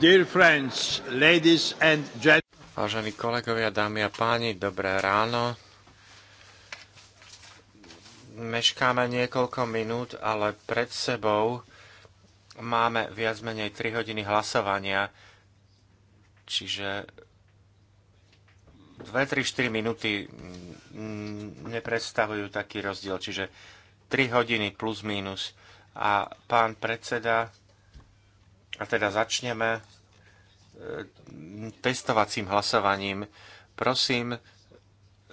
Dear friends, ladies and gentlemen. Vážení kolegovia, dámy a páni, dobré ráno. Meškáme niekoľko minút, ale pred sebou máme viac menej 3 hodiny hlasovania, čiže 2, 3, 4 minúty neprestavujú taký rozdiel, čiže 3 hodiny plus minus. A pán predseda a teda začneme e, testovacím hlasovaním. Prosím,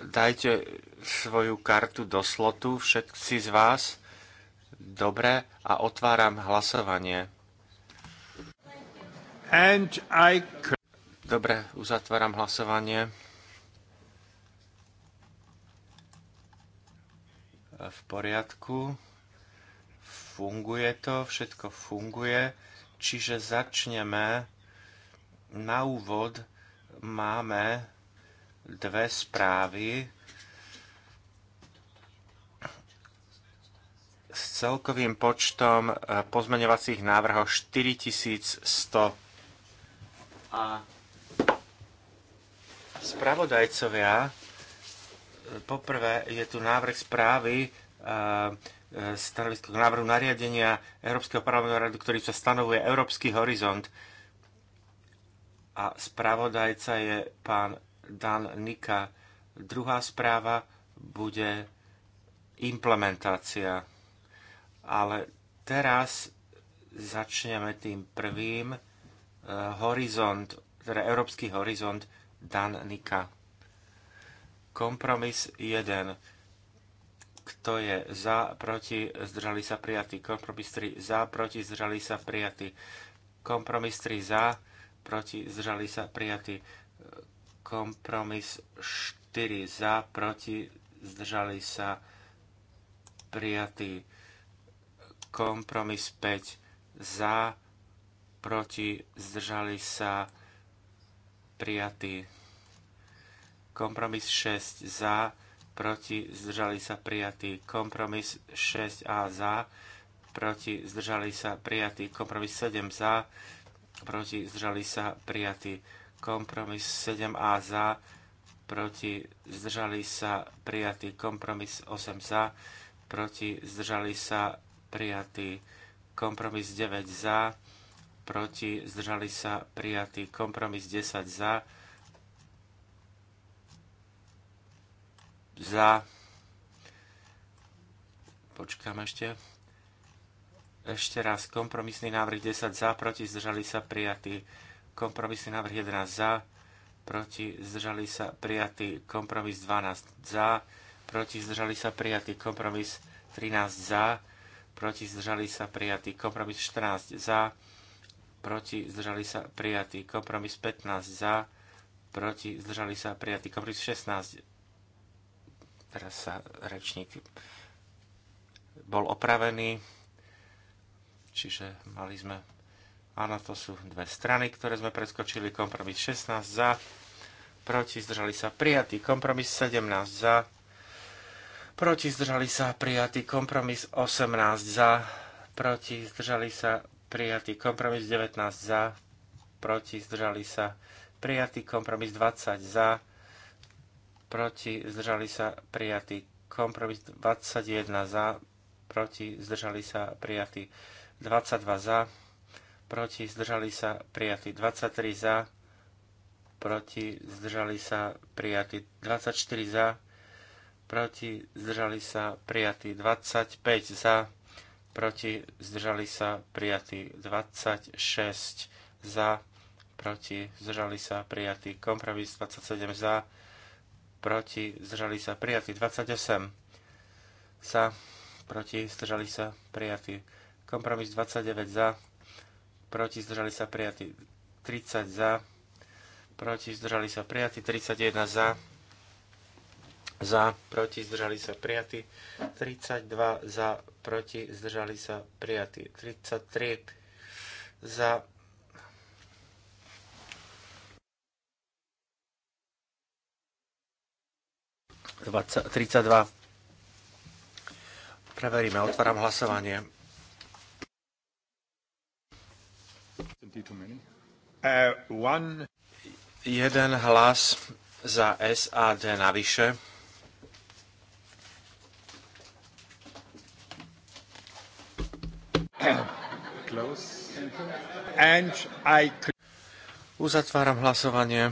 dajte svoju kartu do slotu, všetci z vás. Dobre, a otváram hlasovanie. And I... Dobre, uzatváram hlasovanie. V poriadku. Funguje to, všetko funguje. Čiže začneme. Na úvod máme dve správy s celkovým počtom e, pozmeňovacích návrhov 4100. A spravodajcovia, e, poprvé je tu návrh správy e, E, stanovisko k návrhu nariadenia Európskeho parlamentu radu, ktorým sa stanovuje Európsky horizont. A spravodajca je pán Dan Nika. Druhá správa bude implementácia. Ale teraz začneme tým prvým. E, horizont, teda Európsky horizont Dan Nika. Kompromis 1 kto je za, proti, zdržali sa prijatí. Kompromis 3 za, proti, zdržali sa prijatí. Kompromis 3 za, proti, zdržali sa prijatí. Kompromis 4 za, proti, zdržali sa prijatí. Kompromis 5 za, proti, zdržali sa prijatí. Kompromis 6 za, proti, proti, zdržali sa prijatý kompromis 6A za, proti, zdržali sa prijatý kompromis 7 za, proti, zdržali sa prijatý kompromis 7A za, proti, zdržali sa prijatý kompromis 8 za, proti, zdržali sa prijatý kompromis 9 za, proti, zdržali sa prijatý kompromis 10 za, za... Počkám ešte. Ešte raz. Kompromisný návrh 10 za, proti, zdržali sa, prijatý. Kompromisný návrh 11 za, proti, zdržali sa, prijatý. Kompromis 12 za, proti, zdržali sa, prijatý. Kompromis 13 za, proti, zdržali sa, prijatý. Kompromis 14 za, proti, zdržali sa, prijatý. Kompromis 15 za, proti, zdržali sa, prijatý. Kompromis 16 Teraz sa rečník bol opravený, čiže mali sme... Áno, to sú dve strany, ktoré sme preskočili. Kompromis 16 za, proti zdržali sa prijatý. Kompromis 17 za, proti zdržali sa prijatý. Kompromis 18 za, proti zdržali sa prijatý. Kompromis 19 za, proti zdržali sa prijatý. Kompromis 20 za, proti, zdržali sa prijatí. Kompromis 21 za, proti, zdržali sa prijatí. 22 za, proti, zdržali sa prijatí. 23 za, proti, zdržali sa prijatí. 24 za, proti, zdržali sa prijatí. 25 za, proti, zdržali sa prijatí. 26 za, proti, zdržali sa prijatí. Kompromis 27 za, proti, zdržali sa prijatí. 28 za, proti, zdržali sa prijatí. Kompromis 29 za, proti, zdržali sa prijatí. 30 za, proti, zdržali sa prijatí. 31 za, za, proti, zdržali sa prijatí. 32 za, proti, zdržali sa prijatí. 33 za, 20, 32. Preveríme, otváram hlasovanie. Uh, Jeden hlas za SAD navyše. Close. I... Uzatváram hlasovanie.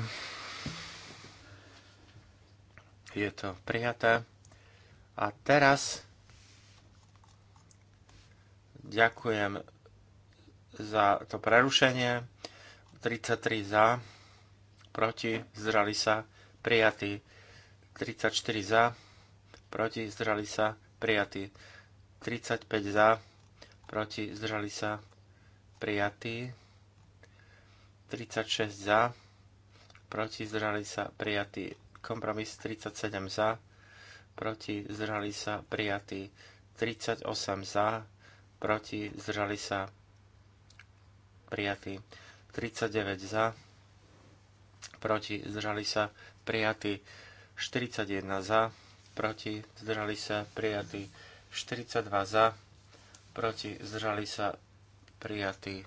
Je to prijaté. A teraz ďakujem za to prerušenie. 33 za, proti, zdrali sa, prijatí. 34 za, proti, zdrali sa, prijatí. 35 za, proti, zdrali sa, prijatí. 36 za, proti, zdrali sa, prijatí. Kompromis 37 za, proti zdržali sa prijatí 38 za, proti zdržali sa prijatí 39 za, proti zdržali sa prijatí 41 za, proti zdržali sa prijatí 42 za, proti zdržali sa prijatí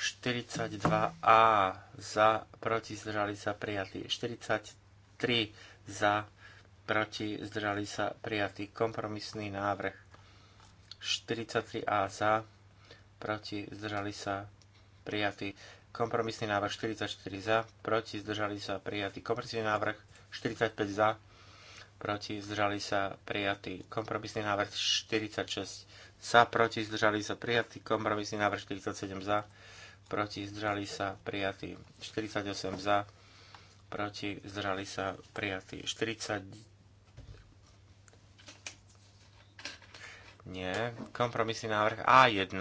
42A za, proti, zdržali sa prijatí. 43 za, proti, zdržali sa prijatí. Kompromisný návrh. 43A za, proti, zdržali sa prijatí. Kompromisný návrh 44 za, proti, zdržali sa prijatí. Kompromisný návrh 45 za, proti, zdržali sa prijatí. Kompromisný návrh 46 za, proti, zdržali sa prijatí. Kompromisný návrh 47 za, proti zdržali sa prijatí 48 za, proti zdržali sa prijatí 40 nie, kompromisný návrh A1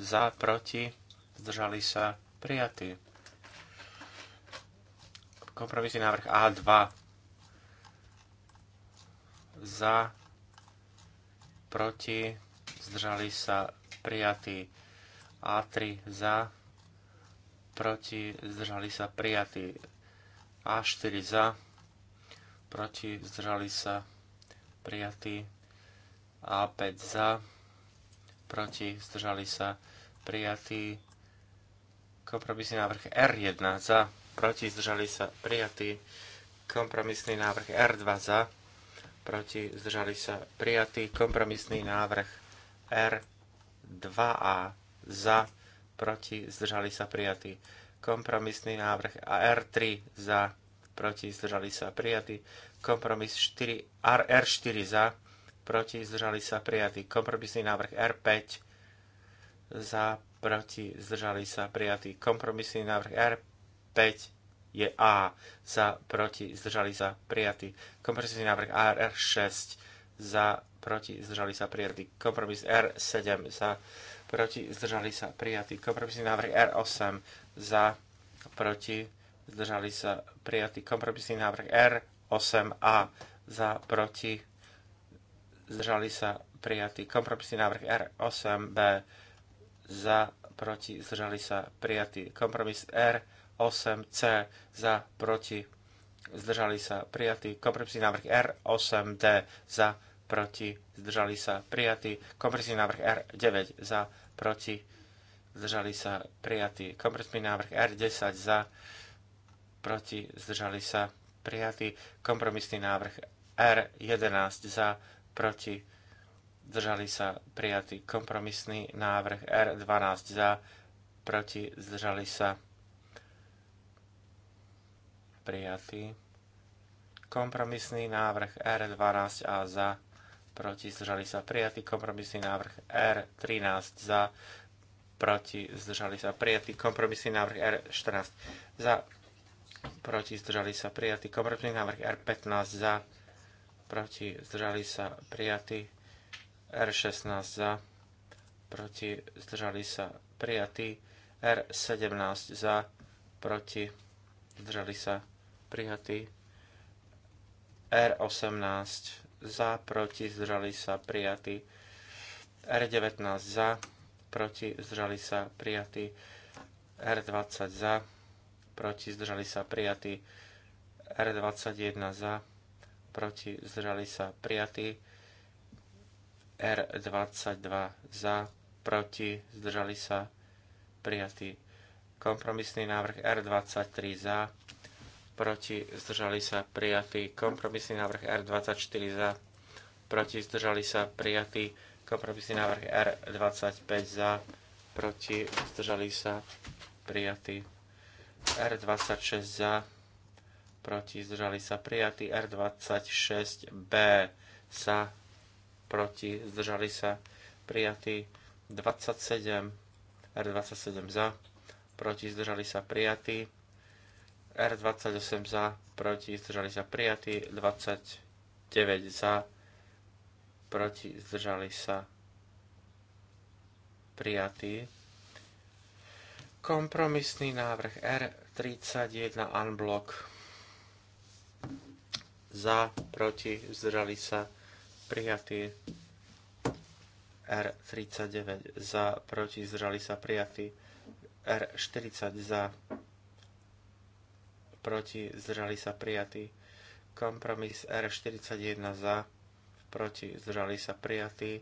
za, proti zdržali sa prijatí kompromisný návrh A2 za, proti zdržali sa prijatí A3 za, proti, zdržali sa prijatí. A4 za, proti, zdržali sa prijatí. A5 za, proti, zdržali sa prijatí. Kompromisný návrh R1 er za, proti, zdržali sa prijatí. Kompromisný návrh R2 er za, proti, zdržali sa prijatí. Kompromisný návrh R2A er za, proti, zdržali sa prijatí. Kompromisný návrh AR3 za, proti, zdržali sa prijatí. Kompromis 4, R4 za, proti, zdržali sa prijatí. Kompromisný návrh R5 za, proti, zdržali sa prijatí. Kompromisný návrh R5 je A za, proti, zdržali sa prijatí. Kompromisný návrh r 6 za, proti, zdržali sa prijatí. Kompromis R7 za, proti, zdržali sa prijatý. Kompromisný návrh R8 za, proti, zdržali sa prijatý. Kompromisný návrh R8A za, proti, zdržali sa prijatý. Kompromisný návrh R8B za, proti, zdržali sa prijatý. Kompromis R8C za, proti, zdržali sa prijatý. Kompromisný návrh R8D za, proti, proti, zdržali sa prijatí. Kompresný návrh R9 za, proti, zdržali sa prijatí. Kompresný návrh R10 za, proti, zdržali sa prijatí. Kompromisný návrh R11 za, proti, zdržali sa prijatí. Kompromisný návrh R12 za, proti, zdržali sa prijatí. Kompromisný návrh R12A za, proti, zdržali sa prijatý kompromisný návrh R13 za, proti, zdržali sa prijatý kompromisný návrh R14 za, proti, zdržali sa prijatý kompromisný návrh R15 za, proti, zdržali sa prijatý R16 za, proti, zdržali sa prijatý R17 za, proti, zdržali sa prijatý R18 za, proti, zdržali sa, prijatí. R19 za, proti, zdržali sa, prijatí. R20 za, proti, zdržali sa, prijatí. R21 za, proti, zdržali sa, prijatí. R22 za, proti, zdržali sa, prijatí. Kompromisný návrh R23 za, proti zdržali sa prijatý kompromisný návrh R24 za, proti zdržali sa prijatý kompromisný návrh R25 za, proti zdržali sa prijatý R26 za, proti zdržali sa prijatý R26B za, proti zdržali sa prijatý 27 R27 za, proti zdržali sa prijatý R28 za, proti, zdržali sa prijatí, 29 za, proti, zdržali sa prijatí. Kompromisný návrh R31 unblock za, proti, zdržali sa prijatí. R39 za, proti, zdržali sa prijatí. R40 za, proti, zdržali sa prijatí. Kompromis R41 za, proti, zdržali sa prijatí.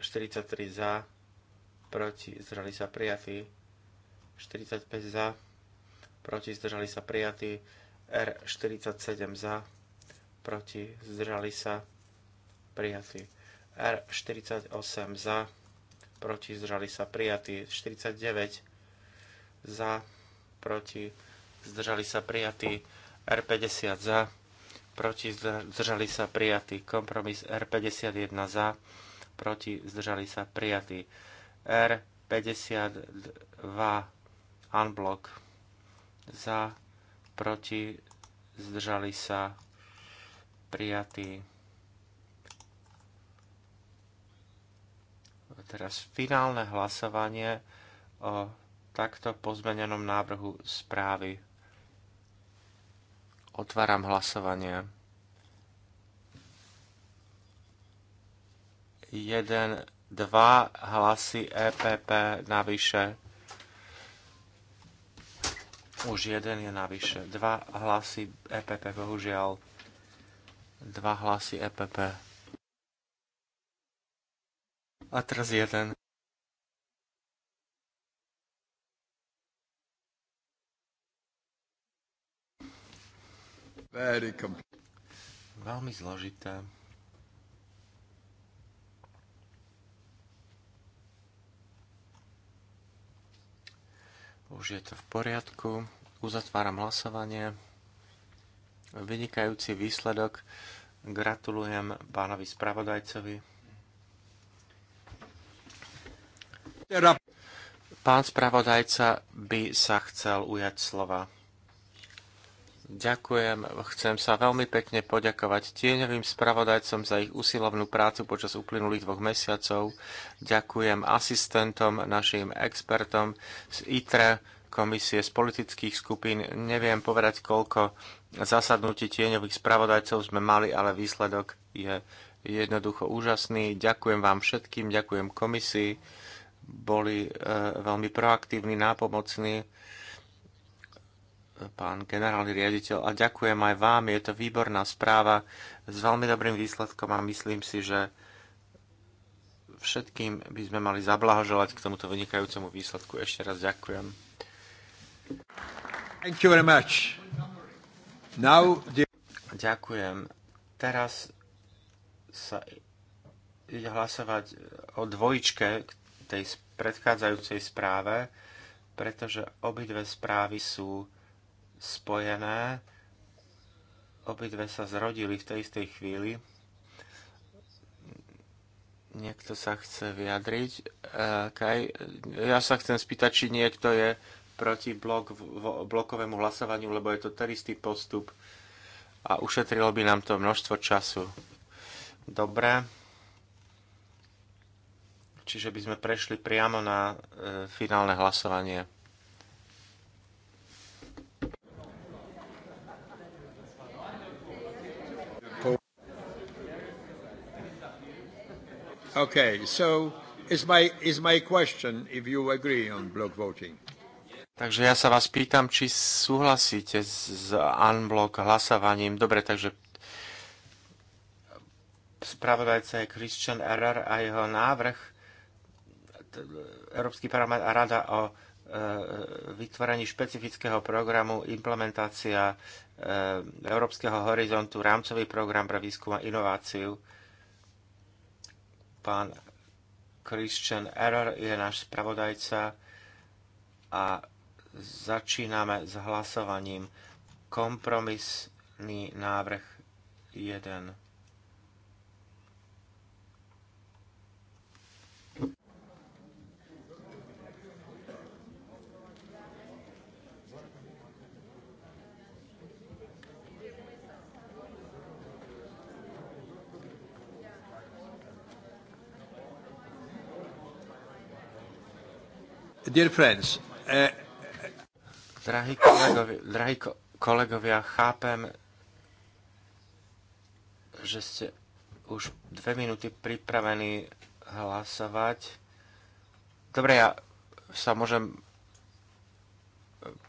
43 za, proti, zdržali sa prijatí. 45 za, proti, zdržali sa prijatí. R47 za, proti, zdržali sa prijatí. R48 za, proti, zdržali sa prijatí. 49 za, proti, zdržali sa prijatí R50 za, proti zdržali sa prijatí kompromis R51 za, proti zdržali sa prijatí R52 unblock za, proti zdržali sa prijatí. Teraz finálne hlasovanie o takto pozmenenom návrhu správy Otváram hlasovanie. Jeden, dva hlasy EPP navyše. Už jeden je navyše. Dva hlasy EPP, bohužiaľ. Dva hlasy EPP. A teraz jeden. Veľmi zložité. Už je to v poriadku. Uzatváram hlasovanie. Vynikajúci výsledok. Gratulujem pánovi spravodajcovi. Teda- Pán spravodajca by sa chcel ujať slova. Ďakujem. Chcem sa veľmi pekne poďakovať tieňovým spravodajcom za ich usilovnú prácu počas uplynulých dvoch mesiacov. Ďakujem asistentom, našim expertom z ITRE, komisie z politických skupín. Neviem povedať, koľko zasadnutí tieňových spravodajcov sme mali, ale výsledok je jednoducho úžasný. Ďakujem vám všetkým, ďakujem komisii. Boli e, veľmi proaktívni, nápomocní pán generálny riaditeľ, a ďakujem aj vám. Je to výborná správa s veľmi dobrým výsledkom a myslím si, že všetkým by sme mali zablahoželať k tomuto vynikajúcemu výsledku. Ešte raz ďakujem. Thank you very much. Now, the... Ďakujem. Teraz sa ide hlasovať o dvojičke k tej predchádzajúcej správe, pretože obidve správy sú spojené. Obidve sa zrodili v tej istej chvíli. Niekto sa chce vyjadriť. E, Kaj, ja sa chcem spýtať, či niekto je proti blok, blokovému hlasovaniu, lebo je to ten istý postup a ušetrilo by nám to množstvo času. Dobre. Čiže by sme prešli priamo na e, finálne hlasovanie. Okay, so is my, is my question if you agree on block voting. Takže ja sa vás pýtam, či súhlasíte s unblock hlasovaním. Dobre, takže spravodajca je Christian Error a jeho návrh Európsky parlament a Rada o e, vytvorení špecifického programu implementácia e, Európskeho horizontu, rámcový program pre výskum a inováciu. E, Pán Christian Error je náš spravodajca a začíname s hlasovaním. Kompromisný návrh 1. Eh, drahí, kolegovi, drahí kolegovia, chápem, že ste už dve minúty pripravení hlasovať. Dobre, ja sa môžem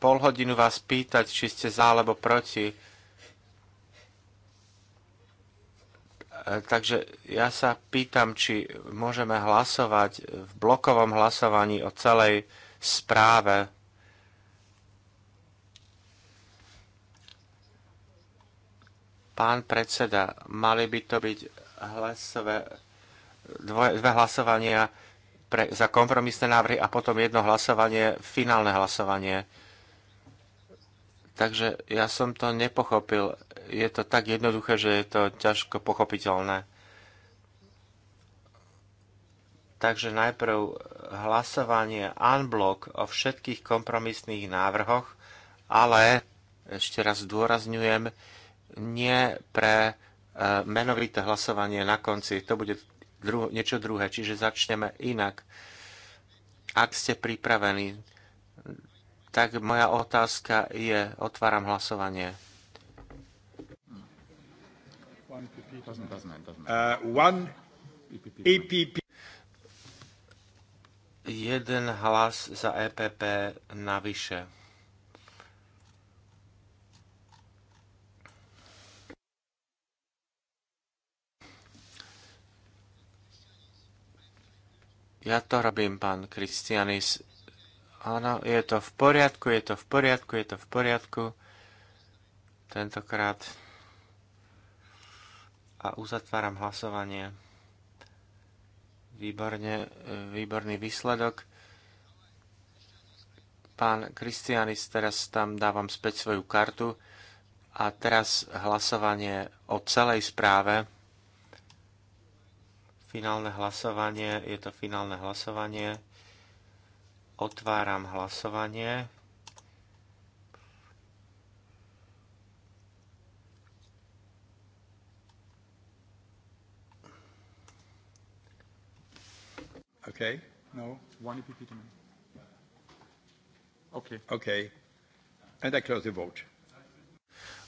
pol hodinu vás pýtať, či ste za alebo proti. E, takže ja sa pýtam, či môžeme hlasovať v blokovom hlasovaní o celej správe. Pán predseda, mali by to byť hlasové, dvoje, dve hlasovania pre, za kompromisné návrhy a potom jedno hlasovanie, finálne hlasovanie. Takže ja som to nepochopil. Je to tak jednoduché, že je to ťažko pochopiteľné. Takže najprv hlasovanie unblock o všetkých kompromisných návrhoch, ale ešte raz zdôrazňujem, nie pre e, menovité hlasovanie na konci. To bude dru- niečo druhé, čiže začneme inak. Ak ste pripravení, tak moja otázka je, otváram hlasovanie. Jeden hlas za EPP navyše. Ja to robím, pán Kristianis. Áno, je to v poriadku, je to v poriadku, je to v poriadku. Tentokrát. A uzatváram hlasovanie. Výborne, výborný výsledok. Pán Kristianis, teraz tam dávam späť svoju kartu. A teraz hlasovanie o celej správe. Finálne hlasovanie, je to finálne hlasovanie. Otváram hlasovanie. Okay. No, one EPP to me. And I close the vote.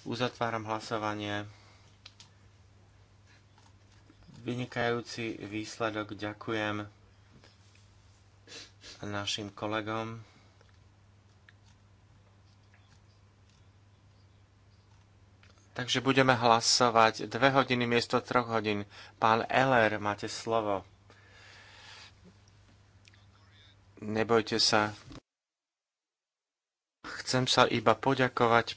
Uzatváram hlasovanie. Vynikajúci výsledok. Ďakujem našim kolegom. Takže budeme hlasovať dve hodiny miesto troch hodín. Pán Eller, máte slovo. Nebojte sa. Chcem sa iba poďakovať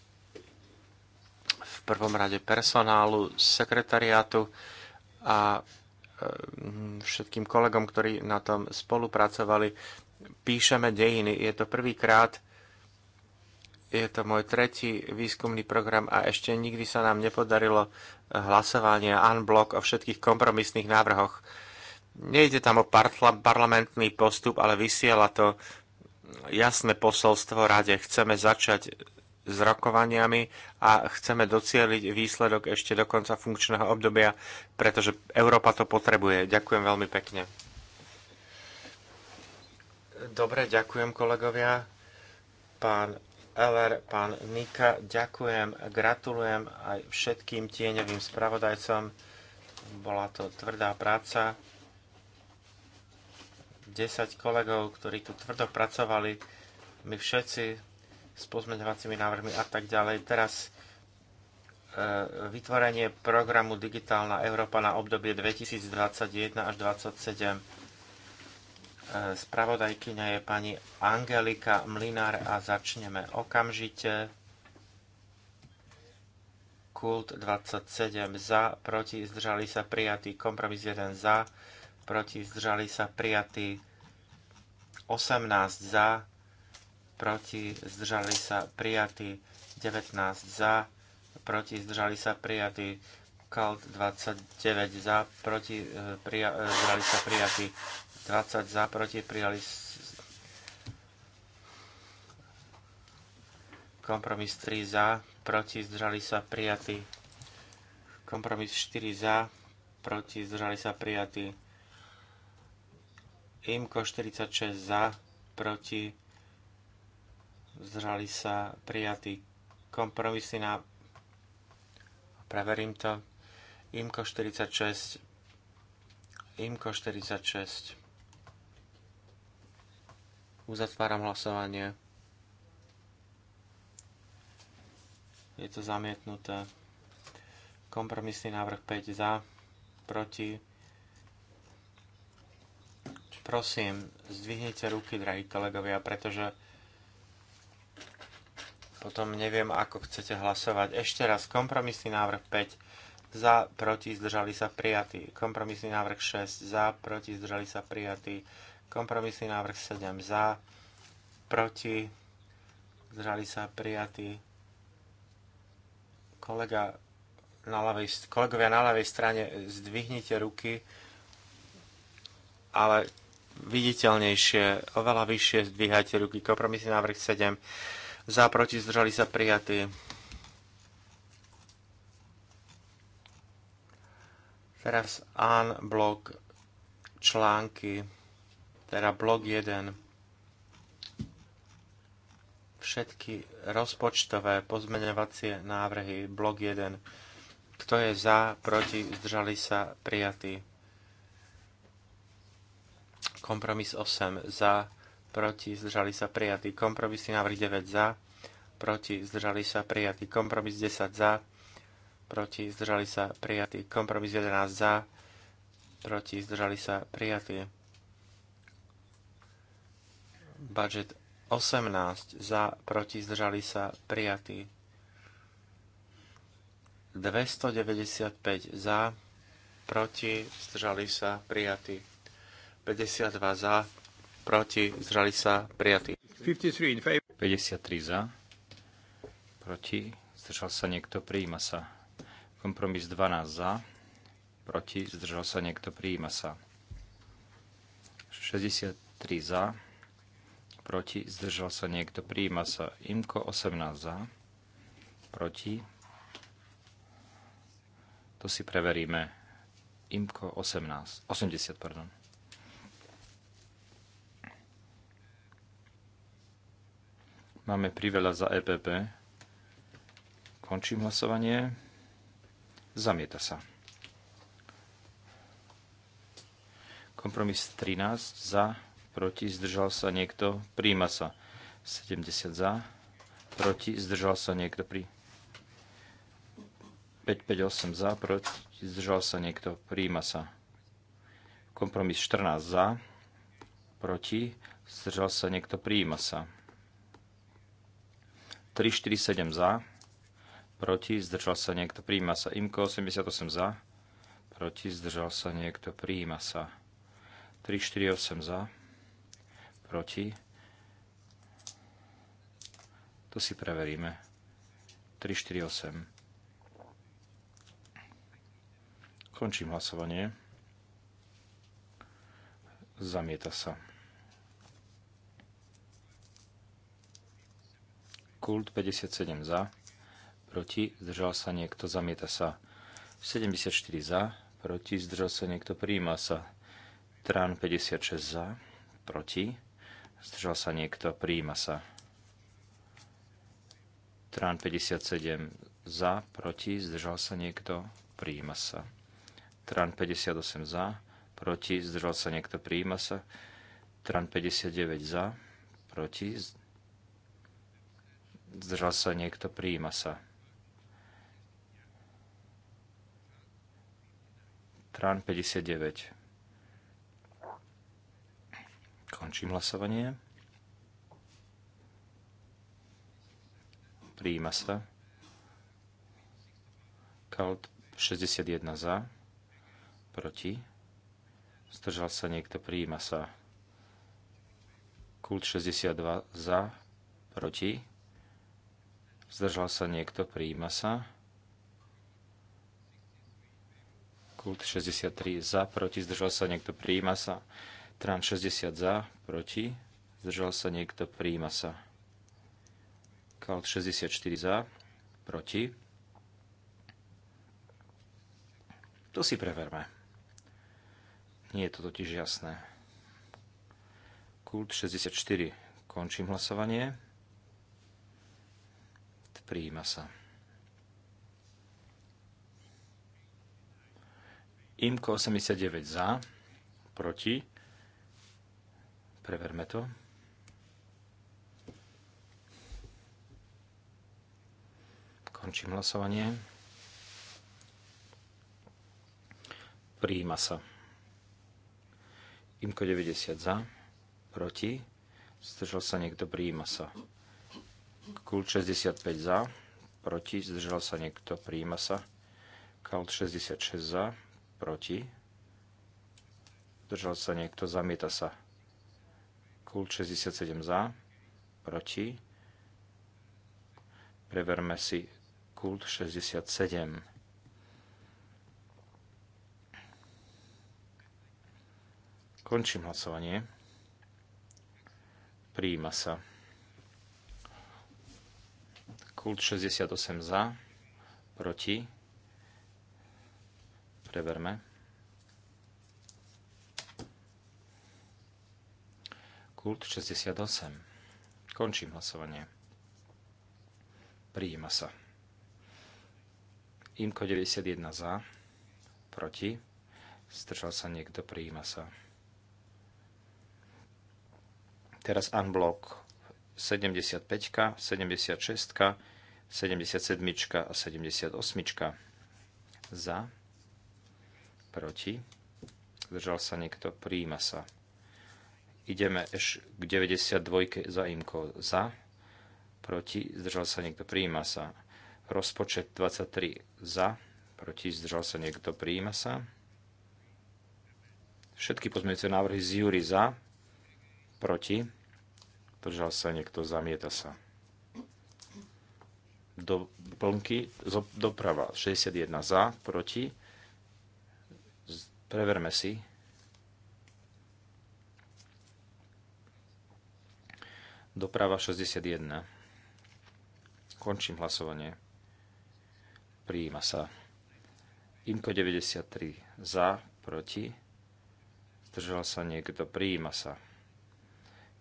v prvom rade personálu, sekretariátu a e, všetkým kolegom, ktorí na tom spolupracovali píšeme dejiny. Je to prvýkrát, je to môj tretí výskumný program a ešte nikdy sa nám nepodarilo eh, hlasovanie unblock o všetkých kompromisných návrhoch. Nejde tam o parlamentný postup, ale vysiela to jasné posolstvo rade. Chceme začať s rokovaniami a chceme docieliť výsledok ešte do konca funkčného obdobia, pretože Európa to potrebuje. Ďakujem veľmi pekne. Dobre, ďakujem kolegovia. Pán Eller, pán Nika, ďakujem, gratulujem aj všetkým tieňovým spravodajcom. Bola to tvrdá práca. 10 kolegov, ktorí tu tvrdo pracovali, my všetci s pozmeňovacími návrhmi a tak ďalej. Teraz e, vytvorenie programu Digitálna Európa na obdobie 2021 až 2027 Spravodajkyňa je pani Angelika Mlinár a začneme okamžite. Kult 27 za, proti zdržali sa prijatý, kompromis 1 za, proti zdržali sa prijatý, 18 za, proti zdržali sa prijatý, 19 za, proti zdržali sa prijatý, Kult 29 za, proti e, e, zdržali sa prijatý, 20 za, proti, prijali kompromis 3 za, proti, zdržali sa, prijatí. Kompromis 4 za, proti, zdržali sa, prijatí. IMKO 46 za, proti, zdržali sa, prijatí. Kompromisy na... Preverím to. IMKO 46. IMKO 46. Uzatváram hlasovanie. Je to zamietnuté. Kompromisný návrh 5 za, proti. Prosím, zdvihnite ruky, drahí kolegovia, pretože potom neviem, ako chcete hlasovať. Ešte raz, kompromisný návrh 5 za, proti, zdržali sa prijatí. Kompromisný návrh 6 za, proti, zdržali sa prijatí Kompromisný návrh 7 za, proti, zdržali sa prijatí. Kolega na ľavej, kolegovia na ľavej strane, zdvihnite ruky, ale viditeľnejšie, oveľa vyššie zdvíhajte ruky. Kompromisný návrh 7 za, proti, zdržali sa prijatí. Teraz an blok články teda blok 1. Všetky rozpočtové pozmeňovacie návrhy, blok 1. Kto je za, proti, zdržali sa, prijatí. Kompromis 8 za, proti, zdržali sa, prijatí. Kompromisný návrh 9 za, proti, zdržali sa, prijatí. Kompromis 10 za, proti, zdržali sa, prijatí. Kompromis 11 za, proti, zdržali sa, prijatí Budget 18 za, proti, zdržali sa, prijatý. 295 za, proti, zdržali sa, prijatý. 52 za, proti, zdržali sa, prijatý. 53 za, proti, zdržal sa niekto, prijíma sa. Kompromis 12 za, proti, zdržal sa niekto, prijíma sa. 63 za, proti, zdržal sa niekto, prijíma sa. Imko 18 za, proti. To si preveríme. Imko 18, 80, pardon. Máme priveľa za EPP. Končím hlasovanie. Zamieta sa. Kompromis 13 za, proti, zdržal sa niekto, príjma sa. 70 za, proti, zdržal sa niekto, pri 558 za, proti, zdržal sa niekto, príjma sa. Kompromis 14 za, proti, zdržal sa niekto, príjma sa. 347 za, proti, zdržal sa niekto, príjma sa. Imko 88 za, proti, zdržal sa niekto, príjma sa. 348 za, proti. To si preveríme. 8. Končím hlasovanie. Zamieta sa. Kult 57 za, proti, zdržal sa niekto, zamieta sa. 74 za, proti, zdržal sa niekto, prijíma sa. Trán 56 za, proti, Zdržal sa niekto? Prijíma sa. Trán 57 za, proti, zdržal sa niekto? Prijíma sa. Trán 58 za, proti, zdržal sa niekto? Prijíma sa. Trán 59 za, proti, zdržal sa niekto? Prijíma sa. Trán 59 Končím hlasovanie. Prijíma sa. Kalt 61 za. Proti. Zdržal sa niekto. Prijíma sa. Kult 62 za. Proti. Zdržal sa niekto. Prijíma sa. Kult 63 za. Proti. Zdržal sa niekto. Prijíma sa. Trám 60 za, proti, zdržal sa niekto, príjima sa. Kalt 64 za, proti. To si preverme. Nie je to totiž jasné. Kult 64. Končím hlasovanie. Prijíma sa. Imko 89 za, proti. Preverme to. Končím hlasovanie. Príjima sa. Imko 90 za, proti, zdržal sa niekto, príjima sa. Kult 65 za, proti, zdržal sa niekto, príjima sa. Kult 66 za, proti, zdržal sa niekto, zamieta sa. Kult 67 za, proti. Preverme si Kult 67. Končím hlasovanie. Prijíma sa. Kult 68 za, proti. Preverme. Kult 68. Končím hlasovanie. Prijíma sa. Imko 91 za. Proti. Zdržal sa niekto. Prijíma sa. Teraz unblock 75, 76, 77 a 78. Za. Proti. Zdržal sa niekto. Prijíma sa. Ideme eš k 92 za imko za, proti, zdržal sa niekto, prijíma sa. Rozpočet 23 za, proti, zdržal sa niekto, prijíma sa. Všetky pozmeňujúce návrhy z Júry za, proti, zdržal sa niekto, zamieta sa. Do, plnky, doprava 61 za, proti, preverme si. Doprava 61. Končím hlasovanie. Prijíma sa. Imko 93. Za, proti. Zdržal sa niekto. Prijíma sa.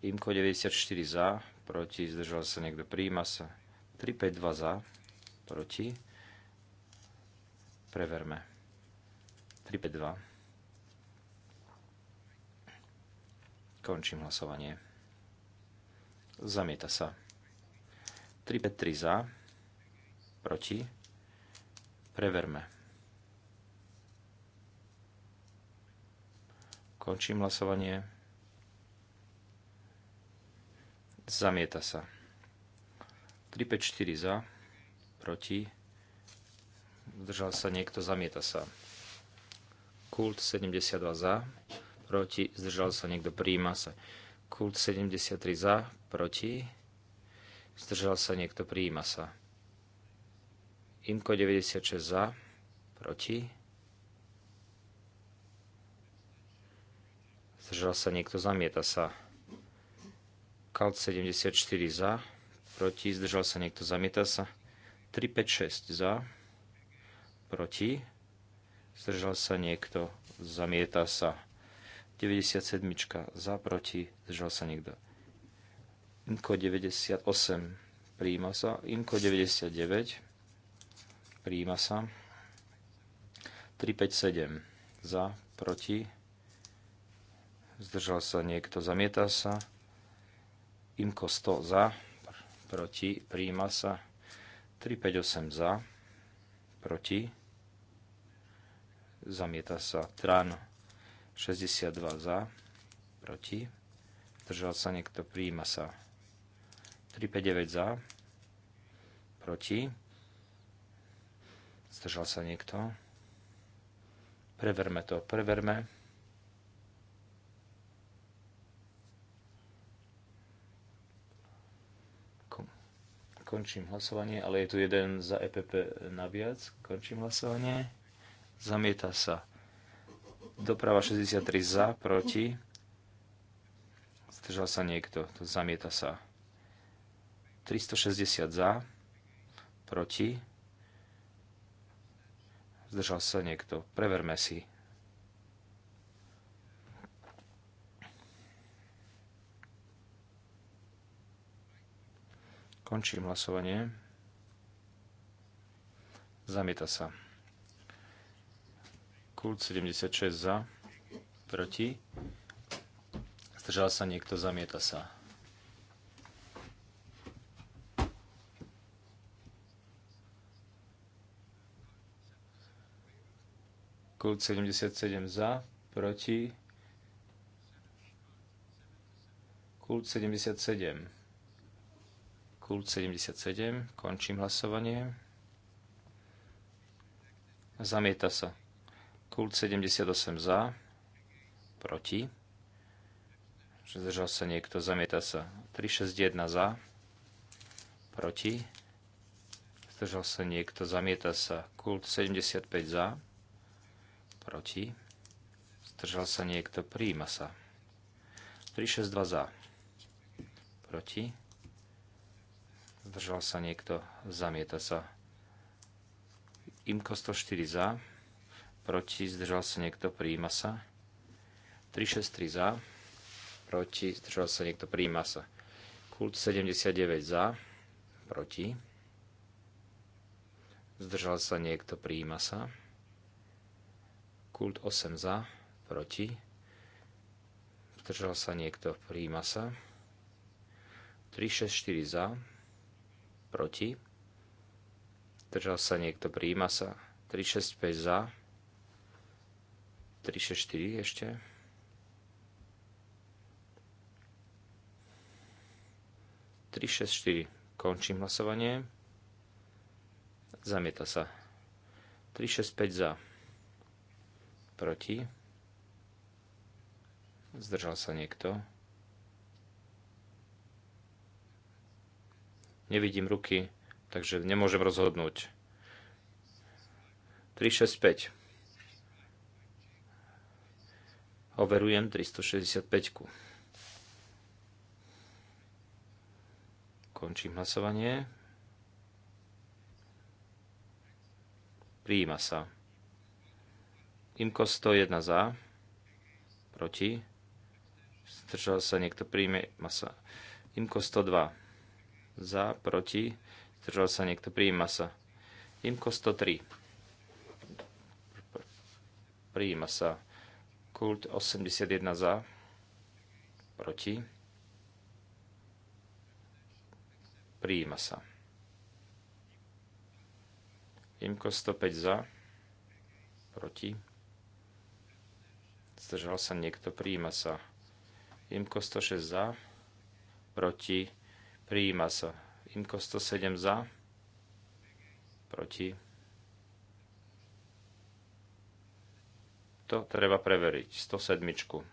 Imko 94 za, proti, zdržal sa niekto, prijíma sa. 352 za, proti. Preverme. 352. Končím hlasovanie. Zamieta sa. 3 p3 za. Proti. Preverme. Končím hlasovanie. Zamieta sa. 3 4 za. Proti. Zdržal sa niekto. Zamieta sa. Kult 72 za. Proti. Zdržal sa niekto. príjma, sa. Kult 73 za proti, zdržal sa niekto, prijíma sa. Imko 96 za, proti, zdržal sa niekto, zamieta sa. Kalt 74 za, proti, zdržal sa niekto, zamieta sa. 356 za, proti, zdržal sa niekto, zamieta sa. 97 za, proti, zdržal sa niekto Inko 98 príjima sa. Inko 99 príjima sa. 357 za, proti. Zdržal sa niekto, zamieta sa. Imko 100 za, proti, príjima sa. 358 za, proti. Zamieta sa. Tran 62 za, proti. Zdržal sa niekto, príjima sa. 359 za, proti, zdržal sa niekto. Preverme to, preverme. Končím hlasovanie, ale je tu jeden za EPP naviac. Končím hlasovanie. Zamieta sa. Doprava 63 za, proti. Zdržal sa niekto. To zamieta sa. 360 za, proti, zdržal sa niekto. Preverme si. Končím hlasovanie. Zamieta sa. Kult 76 za, proti. Zdržal sa niekto, zamieta sa. Kult 77 za, proti. Kult 77. Kult 77. Končím hlasovanie. Zamieta sa. Kult 78 za, proti. Zdržal sa niekto, zamieta sa. 361 za, proti. Zdržal sa niekto, zamieta sa. Kult 75 za, proti, zdržal sa niekto, príjima sa. 362 za, proti, zdržal sa niekto, zamieta sa. Imko 104 za, proti, zdržal sa niekto, príjima sa. 3 za, proti, zdržal sa niekto, príjima sa. Kult 79 za, proti, zdržal sa niekto, príjima sa kult 8 za, proti. Zdržal sa niekto, príjima sa. 3, 6, 4 za, proti. Zdržal sa niekto, príjima sa. 3, 6, 5 za. 3, 6, 4 ešte. Tri, šesť, štyri. Končím hlasovanie. Zamieta sa. Tri, šesť, päť, za. Proti? Zdržal sa niekto? Nevidím ruky, takže nemôžem rozhodnúť. 365. Overujem 365. Končím hlasovanie. Prijíma sa. Imko 101 za, proti, zdržal sa niekto, príjme masa, Imko 102 za, proti, zdržal sa niekto, príjme. Masa. Imko 103 príjma sa. Kult 81 za, proti, príjma sa. Imko 105 za, proti, zdržal sa niekto, prijíma sa. Imko 106 za, proti, prijíma sa. Imko 107 za, proti. To treba preveriť. 107.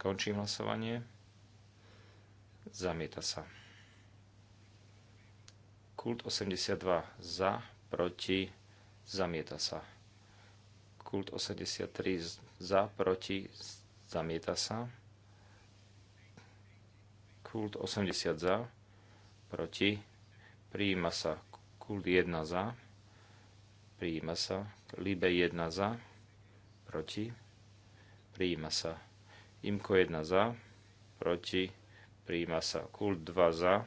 Končím hlasovanie. Zamieta sa. Kult 82 za, proti, zamieta sa. Kult 83 za, proti, zamieta sa. Kult 80 za, proti, prijíma sa. Kult 1 za, prijíma sa. Libe 1 za, proti, prijíma sa. Imko 1 za, proti, prijíma sa. Kult 2 za,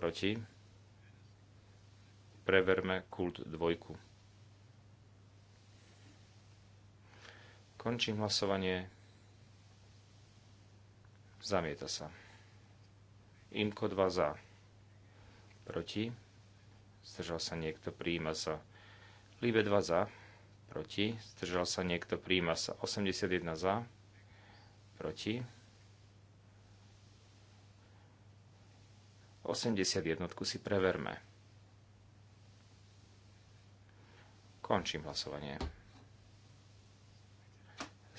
proti, preverme kult dvojku. Končím hlasovanie. Zamieta sa. Imko 2 za. Proti. Zdržal sa niekto, príjima sa. Líbe 2 za. Proti. Zdržal sa niekto, príjima sa. 81 za. Proti. 81 si preverme. Končím hlasovanie.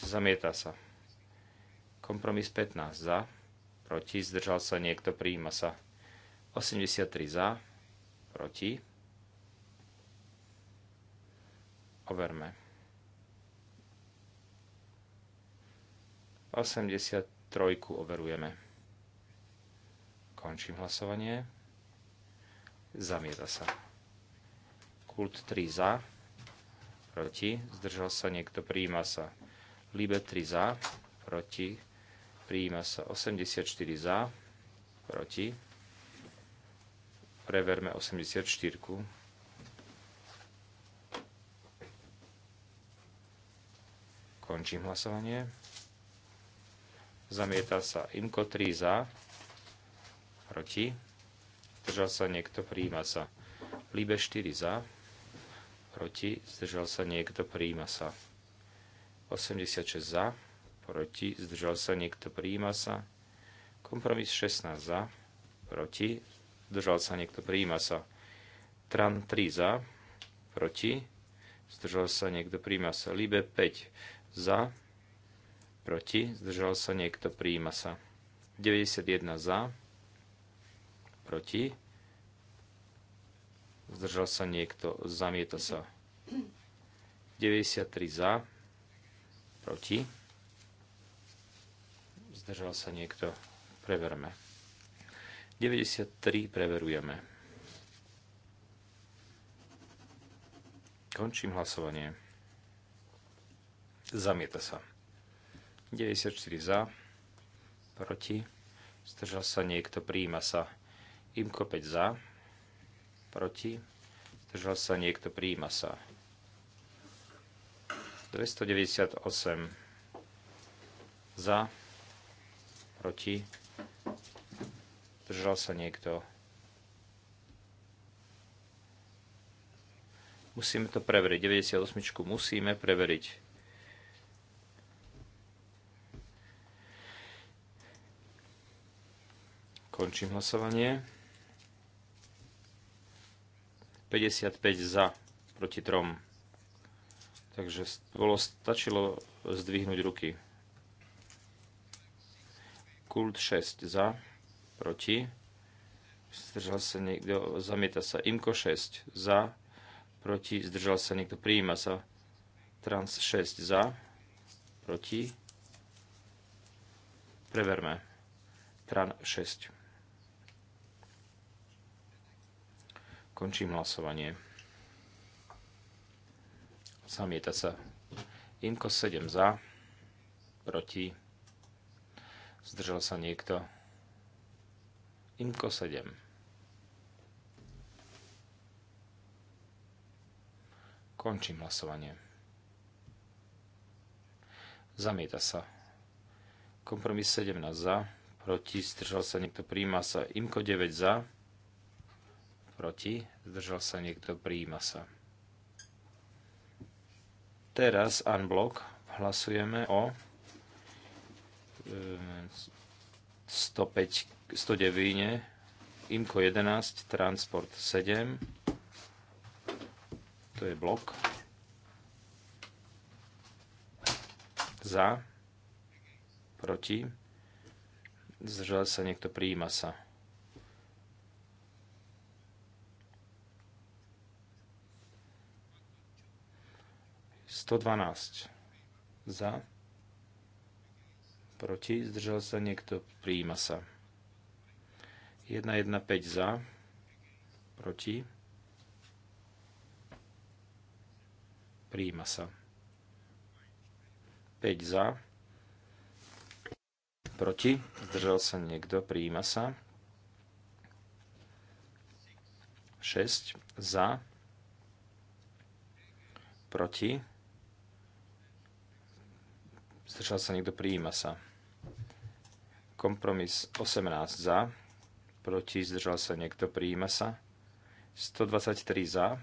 Zamieta sa. Kompromis 15 za, proti, zdržal sa niekto, prijíma sa. 83 za, proti. Overme. 83 overujeme. Končím hlasovanie. Zamieta sa. Kult 3 za, proti, zdržal sa niekto, prijíma sa. Libe 3 za, proti, prijíma sa 84 za, proti. Preverme 84. Končím hlasovanie. Zamieta sa IMKO 3 za, proti. Zdržal sa niekto, prijíma sa. Líbe 4 za, proti, zdržal sa niekto, príjma sa. 86 za, proti, zdržal sa niekto, príjma sa. Kompromis 16 za, proti, zdržal sa niekto, príjma sa. Tran 3 za, proti, zdržal sa niekto, príjma sa. Libe 5 za, proti, zdržal sa niekto, príjma sa. 91 za, proti, zdržal sa niekto, zamieta sa. 93 za, proti, zdržal sa niekto, preverme. 93 preverujeme. Končím hlasovanie. Zamieta sa. 94 za, proti, zdržal sa niekto, prijíma sa. Imko 5 za, proti, zdržal sa niekto, prijíma sa. 298 za, proti, zdržal sa niekto. Musíme to preveriť. 98 musíme preveriť. Končím hlasovanie. 55 za proti trom. Takže bolo, stačilo zdvihnúť ruky. Kult 6 za, proti. Zdržal sa niekto, zamieta sa. Imko 6 za, proti. Zdržal sa niekto, prijíma sa. Trans 6 za, proti. Preverme. Tran 6. Končím hlasovanie. Zamieta sa. Imko 7 za. Proti. Zdržal sa niekto. Imko 7. Končím hlasovanie. Zamieta sa. Kompromis 17 za. Proti. Zdržal sa niekto. Príjma sa. Imko 9 za proti, zdržal sa niekto, prijíma sa. Teraz unblock hlasujeme o 105, 109, IMCO 11, Transport 7, to je blok, za, proti, zdržal sa niekto, prijíma sa. 112 za, proti, zdržal sa niekto, prijíma sa. 115 za, proti, prijíma sa. 5 za, proti, zdržal sa niekto, prijíma sa. 6 za, proti, Zdržal sa niekto, prijíma sa. Kompromis 18 za, proti, zdržal sa niekto, prijíma sa. 123 za,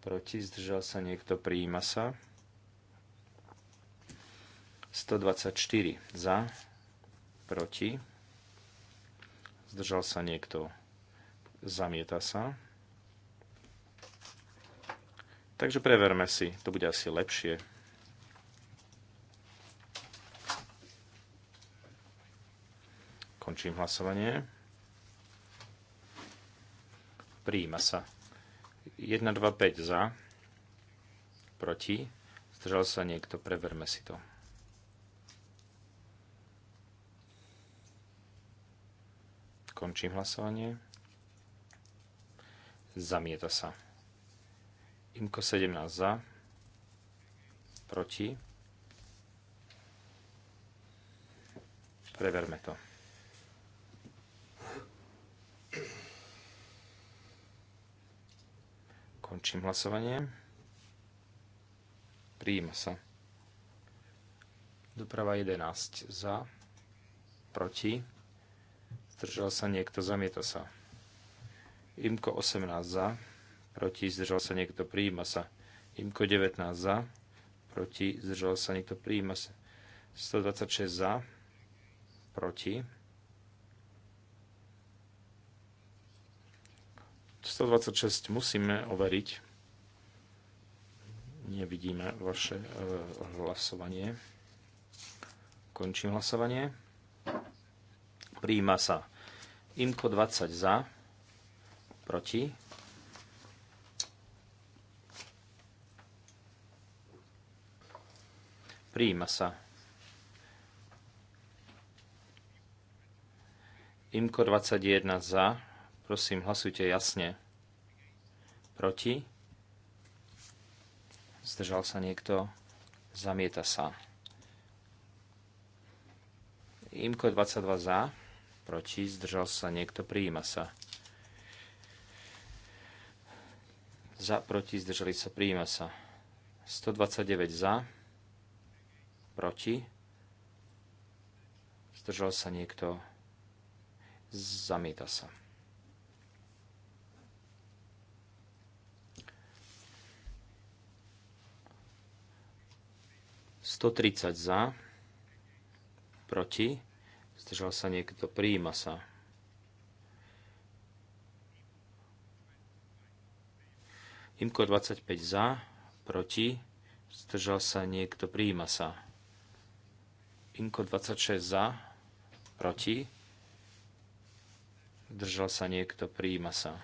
proti, zdržal sa niekto, prijíma sa. 124 za, proti, zdržal sa niekto, zamieta sa. Takže preverme si, to bude asi lepšie. Končím hlasovanie. Príjima sa. 1, 2, 5 za. Proti. Zdržal sa niekto. Preverme si to. Končím hlasovanie. Zamieta sa. Imko 17 za. Proti. Preverme to. Končím hlasovanie. Príjima sa. Doprava 11 za, proti, zdržal sa niekto, zamieta sa. Imko 18 za, proti, zdržal sa niekto, príjima sa. Imko 19 za, proti, zdržal sa niekto, príjima sa. 126 za, proti, 126 musíme overiť. Nevidíme vaše e, hlasovanie. Končím hlasovanie. Príjima sa. Imko 20 za, proti. Príjima sa. Imko 21 za, Prosím, hlasujte jasne. Proti? Zdržal sa niekto? Zamieta sa. Imko 22 za. Proti? Zdržal sa niekto? Prijíma sa. Za, proti, zdržali sa, prijíma sa. 129 za, proti, zdržal sa niekto, zamieta sa. 130 za, proti, zdržal sa niekto, prijíma sa. Imko 25 za, proti, zdržal sa niekto, prijíma sa. Imko 26 za, proti, zdržal sa niekto, prijíma sa.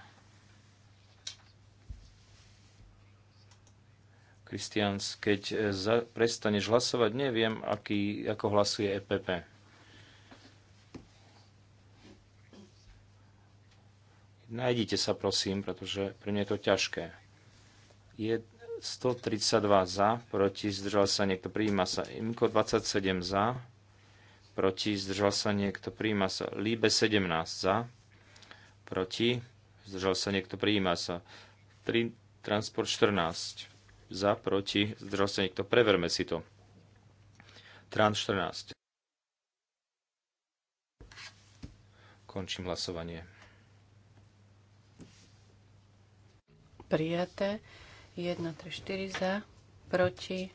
Kristians, keď e, za, prestaneš hlasovať, neviem, aký, ako hlasuje EPP. Najdite sa, prosím, pretože pre mňa je to ťažké. Je 132 za, proti, zdržal sa niekto, prijíma sa. Imko 27 za, proti, zdržal sa niekto, prijíma sa. Líbe 17 za, proti, zdržal sa niekto, prijíma sa. Tri, transport 14 za, proti, zdržal sa niekto. Preverme si to. Trans 14. Končím hlasovanie. Prijaté. 1, 3, 4 za, proti.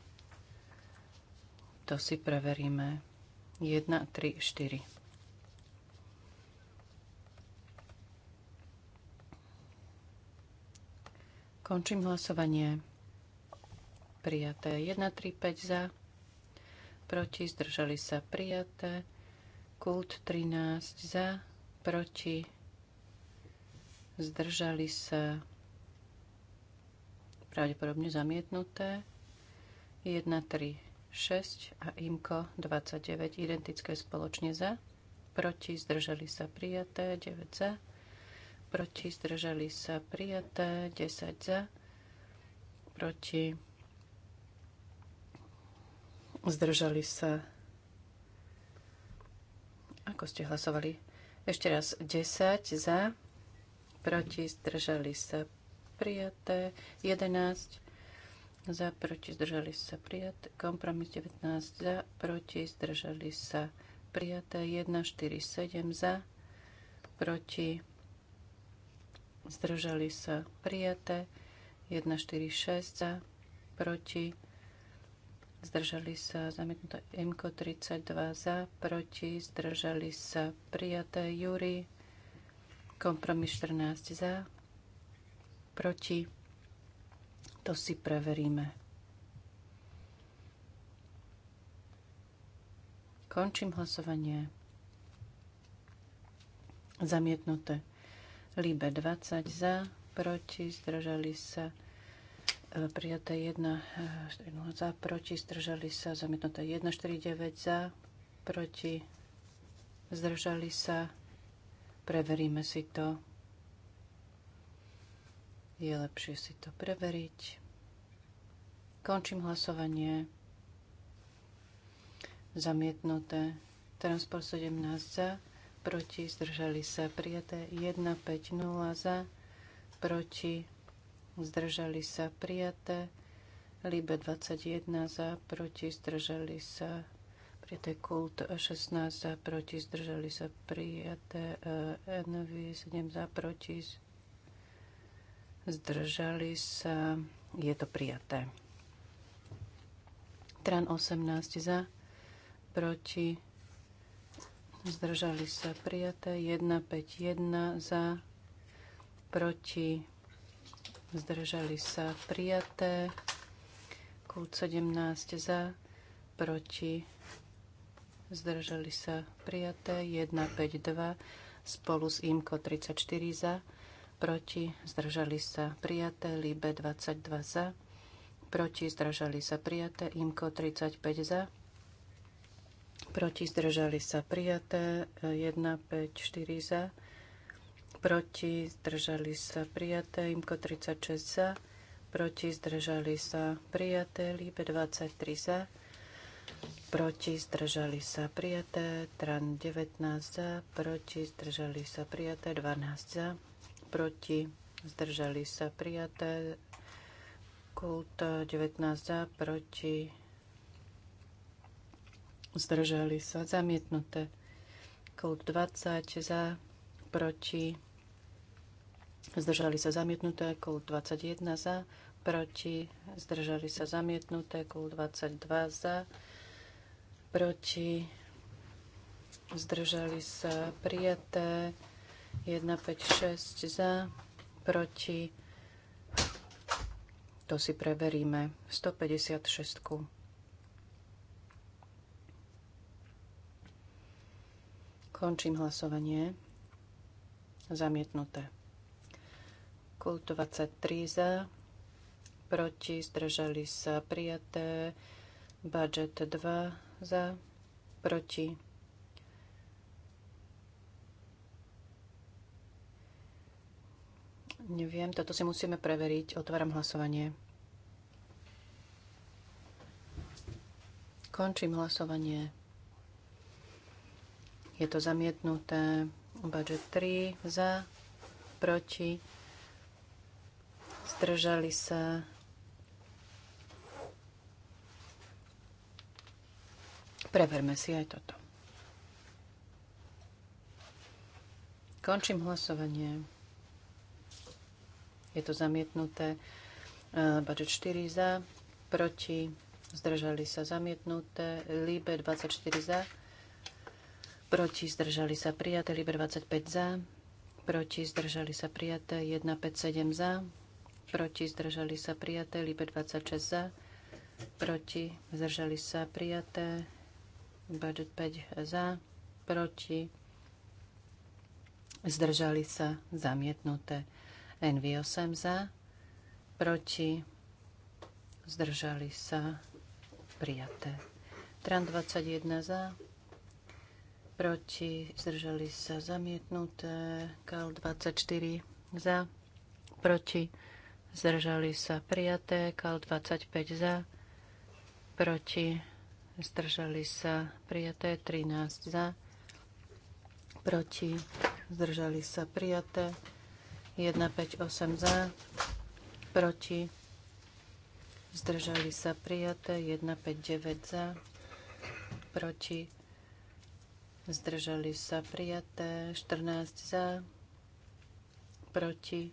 To si preveríme. 1, 3, 4. Končím hlasovanie prijaté. 5 za, proti, zdržali sa prijaté. Kult 13 za, proti, zdržali sa pravdepodobne zamietnuté. 1, 3, 6 a IMKO 29 identické spoločne za, proti, zdržali sa prijaté, 9 za, proti, zdržali sa prijaté, 10 za, proti, Zdržali sa. Ako ste hlasovali? Ešte raz 10 za, proti, zdržali sa prijaté, 11 za, proti, zdržali sa prijaté, kompromis 19 za, proti, zdržali sa prijaté, 1, 4, 7 za, proti, zdržali sa prijaté, 1, 4, 6 za, proti, zdržali sa zamietnuté IMKO 32 za, proti, zdržali sa prijaté Júri, kompromis 14 za, proti, to si preveríme. Končím hlasovanie. Zamietnuté. Líbe 20 za, proti, zdržali sa prijaté 1, 4, za, proti, zdržali sa, zamietnuté 1, 4, 9, za, proti, zdržali sa, preveríme si to. Je lepšie si to preveriť. Končím hlasovanie. Zamietnuté. Transport 17 za, proti, zdržali sa, prijaté 1, 5, 0 za, proti, zdržali sa prijaté. Libe 21 za, proti, zdržali sa prijaté. Kult 16 za, proti, zdržali sa prijaté. E, NV 7 za, proti, zdržali sa. Je to prijaté. Tran 18 za, proti, zdržali sa prijaté. 1, 5, 1 za, proti, zdržali sa prijaté. Kult 17 za, proti, zdržali sa prijaté. 1, 5, 2 spolu s IMKO 34 za, proti, zdržali sa prijaté. Libe 22 za, proti, zdržali sa prijaté. IMKO 35 za, proti, zdržali sa prijaté. 1, 5, 4 za, proti, zdržali sa prijaté, IMKO 36 za, proti, zdržali sa prijaté, líbe 23 za, proti, zdržali sa prijaté, TRAN 19 za, proti, zdržali sa prijaté, 12 za, proti, zdržali sa prijaté, KULT 19 za, proti, zdržali sa zamietnuté, KULT 20 za, proti, zdržali sa zamietnuté, kol 21 za, proti, zdržali sa zamietnuté, kol 22 za, proti, zdržali sa prijaté, 1, 5, 6 za, proti, to si preveríme, 156. Končím hlasovanie. Zamietnuté. Kult 23 za, proti, zdržali sa prijaté. Budget 2 za, proti. Neviem, toto si musíme preveriť. Otváram hlasovanie. Končím hlasovanie. Je to zamietnuté. Budget 3 za, proti Zdržali sa. Preverme si aj toto. Končím hlasovanie. Je to zamietnuté. E, budget 4 za, proti, zdržali sa zamietnuté. Líbe 24 za, proti, zdržali sa prijaté. Líbe 25 za, proti, zdržali sa prijaté. 157 za, proti, zdržali sa prijaté, Libe 26 za, proti, zdržali sa prijaté, budget 5 za, proti, zdržali sa zamietnuté, NV8 za, proti, zdržali sa prijaté. Tran 21 za, proti, zdržali sa zamietnuté, KAL 24 za, proti, zdržali sa prijaté, kal 25 za, proti, zdržali sa prijaté, 13 za, proti, zdržali sa prijaté, 8 za, proti, zdržali sa prijaté, 159 za, proti, zdržali sa prijaté, 14 za, proti,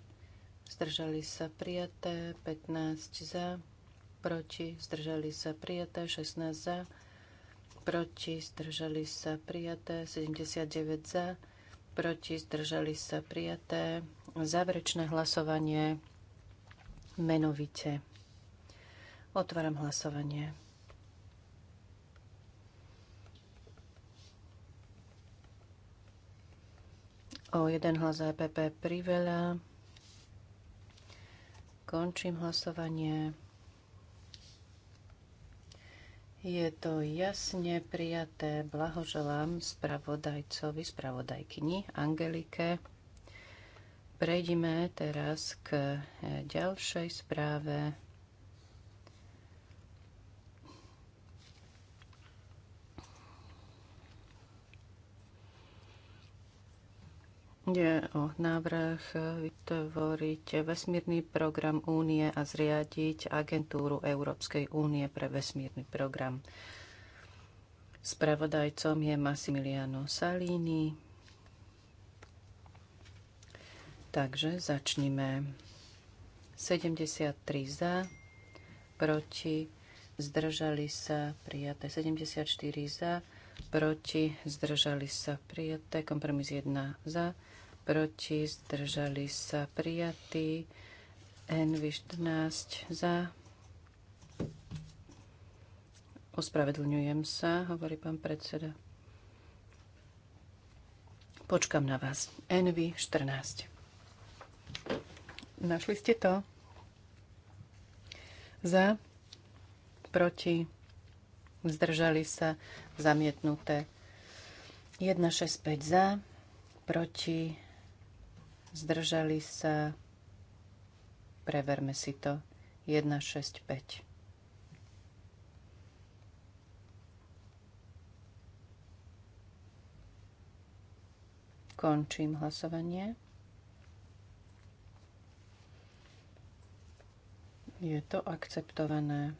zdržali sa prijaté, 15 za, proti, zdržali sa prijaté, 16 za, proti, zdržali sa prijaté, 79 za, proti, zdržali sa prijaté. Záverečné hlasovanie menovite. Otváram hlasovanie. O jeden hlas EPP priveľa. Končím hlasovanie. Je to jasne prijaté. Blahoželám spravodajcovi, spravodajkyni Angelike. Prejdime teraz k ďalšej správe. Ide o návrh vytvoriť vesmírny program únie a zriadiť agentúru Európskej únie pre vesmírny program. Spravodajcom je Massimiliano Salini. Takže začnime. 73 za, proti, zdržali sa, prijaté 74 za, proti, zdržali sa, prijaté, kompromis 1 za, proti, zdržali sa prijatí. Envy 14 za. Ospravedlňujem sa, hovorí pán predseda. Počkam na vás. Envy 14. Našli ste to? Za, proti, zdržali sa, zamietnuté. 165 za, proti, zdržali sa, preverme si to, 5. Končím hlasovanie. Je to akceptované.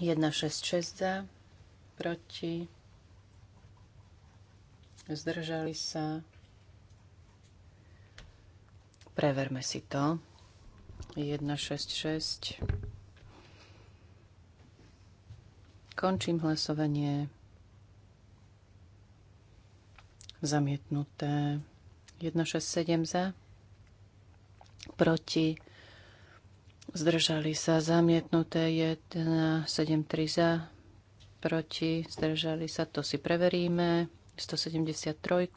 6 za, proti Zdržali sa. Preverme si to. 166. Končím hlasovanie. Zamietnuté. 167 za. Proti. Zdržali sa. Zamietnuté 173 za. Proti. Zdržali sa. To si preveríme. 173.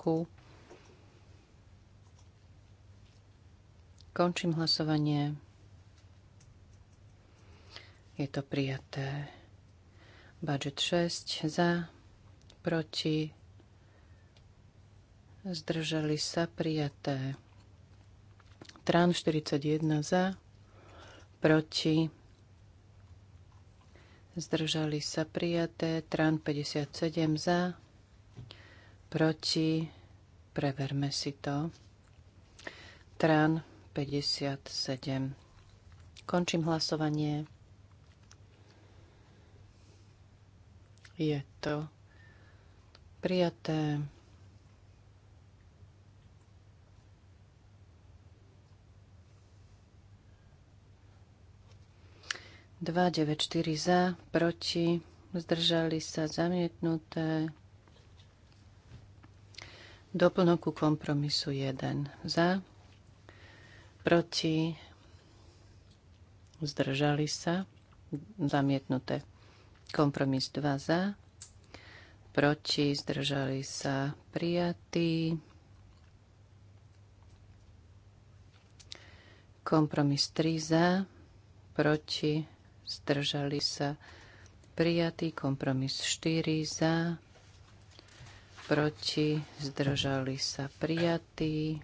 Končím hlasovanie. Je to prijaté. Budget 6 za, proti, zdržali sa prijaté. Trán 41 za, proti, zdržali sa prijaté. Trán 57 za, proti, preverme si to. Trán 57. Končím hlasovanie. Je to prijaté. Dva, 9, 4 za, proti, zdržali sa zamietnuté. Doplnoku kompromisu 1. Za, proti, zdržali sa, zamietnuté. Kompromis 2 za, proti, zdržali sa, prijatý. Kompromis 3 za, proti, zdržali sa, prijatý. Kompromis 4 za, proti, zdržali sa prijatí.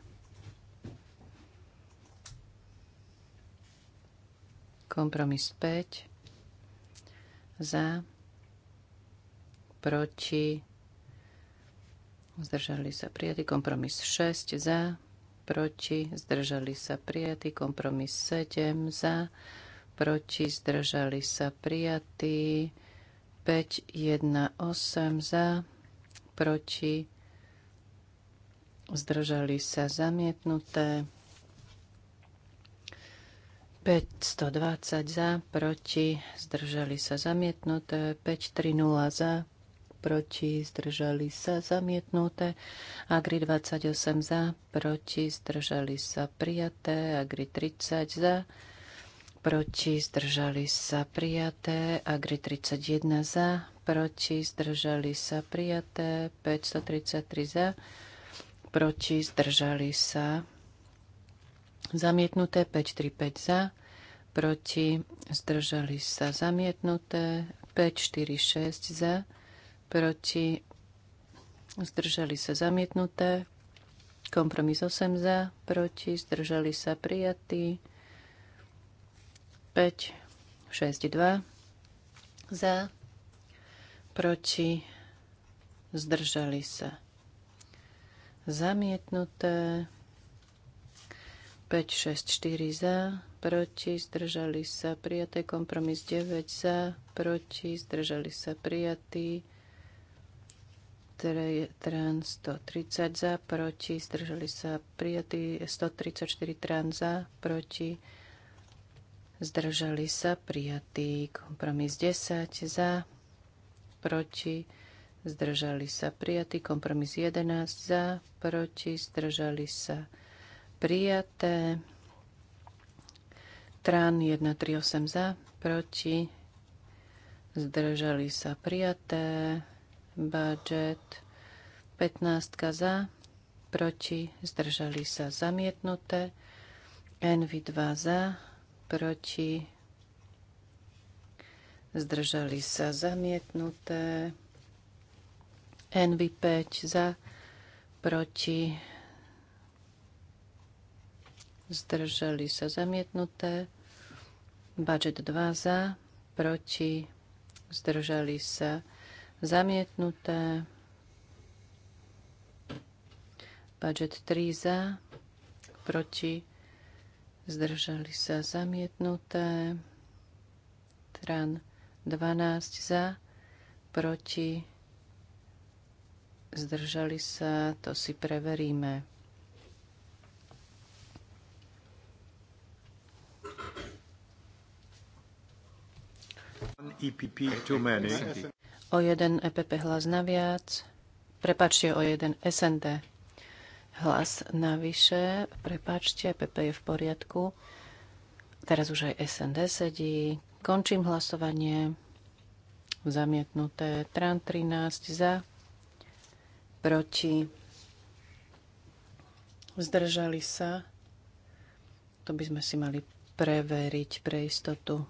Kompromis 5 za, proti, zdržali sa prijatí. Kompromis 6 za, proti, zdržali sa prijatí. Kompromis 7 za, proti, zdržali sa prijatí. 5, 1, 8 za, proti, zdržali sa zamietnuté, 520 za, proti, zdržali sa zamietnuté, 530 za, proti, zdržali sa zamietnuté, Agri 28 za, proti, zdržali sa prijaté, Agri 30 za, proti, zdržali sa prijaté, Agri 31 za, proti, zdržali sa prijaté, 533 za, proti, zdržali sa zamietnuté, 535 za, proti, zdržali sa zamietnuté, 546 za, proti, zdržali sa zamietnuté, kompromis 8 za, proti, zdržali sa prijatí, 5, 6, 2 za, proti, zdržali sa. Zamietnuté 5, 6, 4 za, proti, zdržali sa, prijaté kompromis 9 za, proti, zdržali sa, prijatý trans 130 za, proti, zdržali sa, prijatý 134 trans za, proti, zdržali sa prijatý. Kompromis 10 za, proti, zdržali sa prijatý. Kompromis 11 za, proti, zdržali sa prijaté. Trán 138 za, proti, zdržali sa prijaté. Budget 15 za, proti, zdržali sa zamietnuté. Envy 2 za, proti, zdržali sa zamietnuté, NV5 za, proti, zdržali sa zamietnuté, budget 2 za, proti, zdržali sa zamietnuté, budget 3 za, proti, zdržali sa zamietnuté. Tran 12 za, proti, zdržali sa, to si preveríme. EPP too many. O jeden EPP hlas naviac. Prepačte, o jeden SND hlas navyše. Prepačte, PP je v poriadku. Teraz už aj SND sedí. Končím hlasovanie. Zamietnuté. Tran 13 za. Proti. Zdržali sa. To by sme si mali preveriť pre istotu.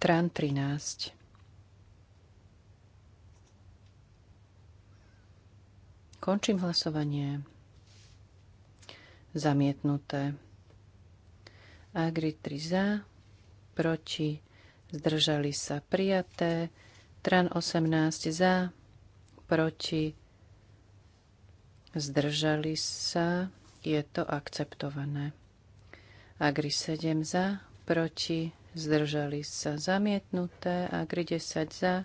Tran 13. Končím hlasovanie. Zamietnuté. Agri 3 za, proti, zdržali sa prijaté. Tran 18 za, proti, zdržali sa, je to akceptované. Agri 7 za, proti, zdržali sa zamietnuté, Agri 10 za,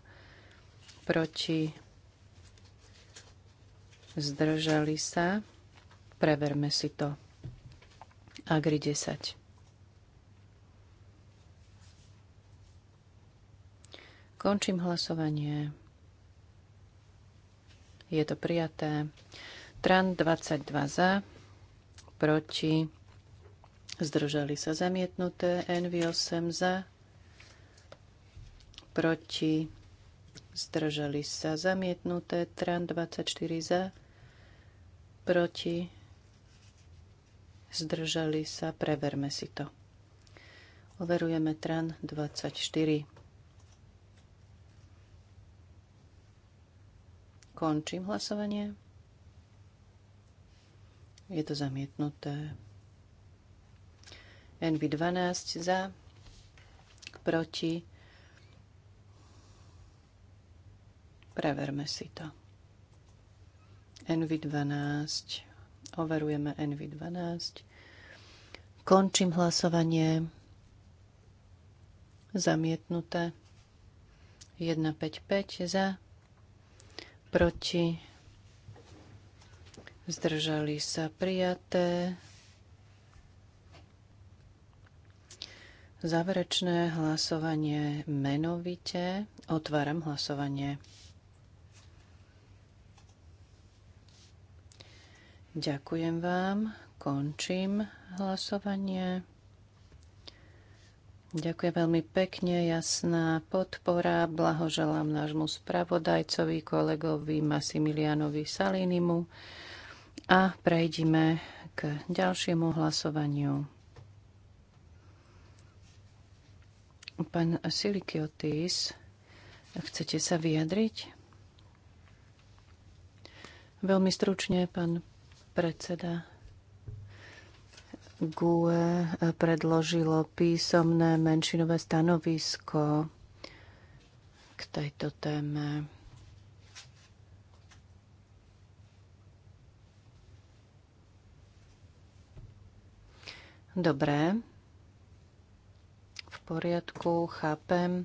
proti, zdržali sa. Preverme si to. Agri 10. Končím hlasovanie. Je to prijaté. Tran 22 za, proti, zdržali sa zamietnuté. NV8 za, proti, zdržali sa zamietnuté. Tran 24 za, proti, zdržali sa, preverme si to. Overujeme tran 24. Končím hlasovanie. Je to zamietnuté. nv 12 za, proti. Preverme si to. NV12. Overujeme NV12. Končím hlasovanie. Zamietnuté. 155 za. Proti. Zdržali sa prijaté. Záverečné hlasovanie menovite. Otváram hlasovanie. Ďakujem vám. Končím hlasovanie. Ďakujem veľmi pekne, jasná podpora. Blahoželám nášmu spravodajcovi, kolegovi Massimilianovi Salinimu. A prejdime k ďalšiemu hlasovaniu. Pán Silikiotis, chcete sa vyjadriť? Veľmi stručne, pán Predseda GUE predložilo písomné menšinové stanovisko k tejto téme. Dobré. v poriadku, chápem.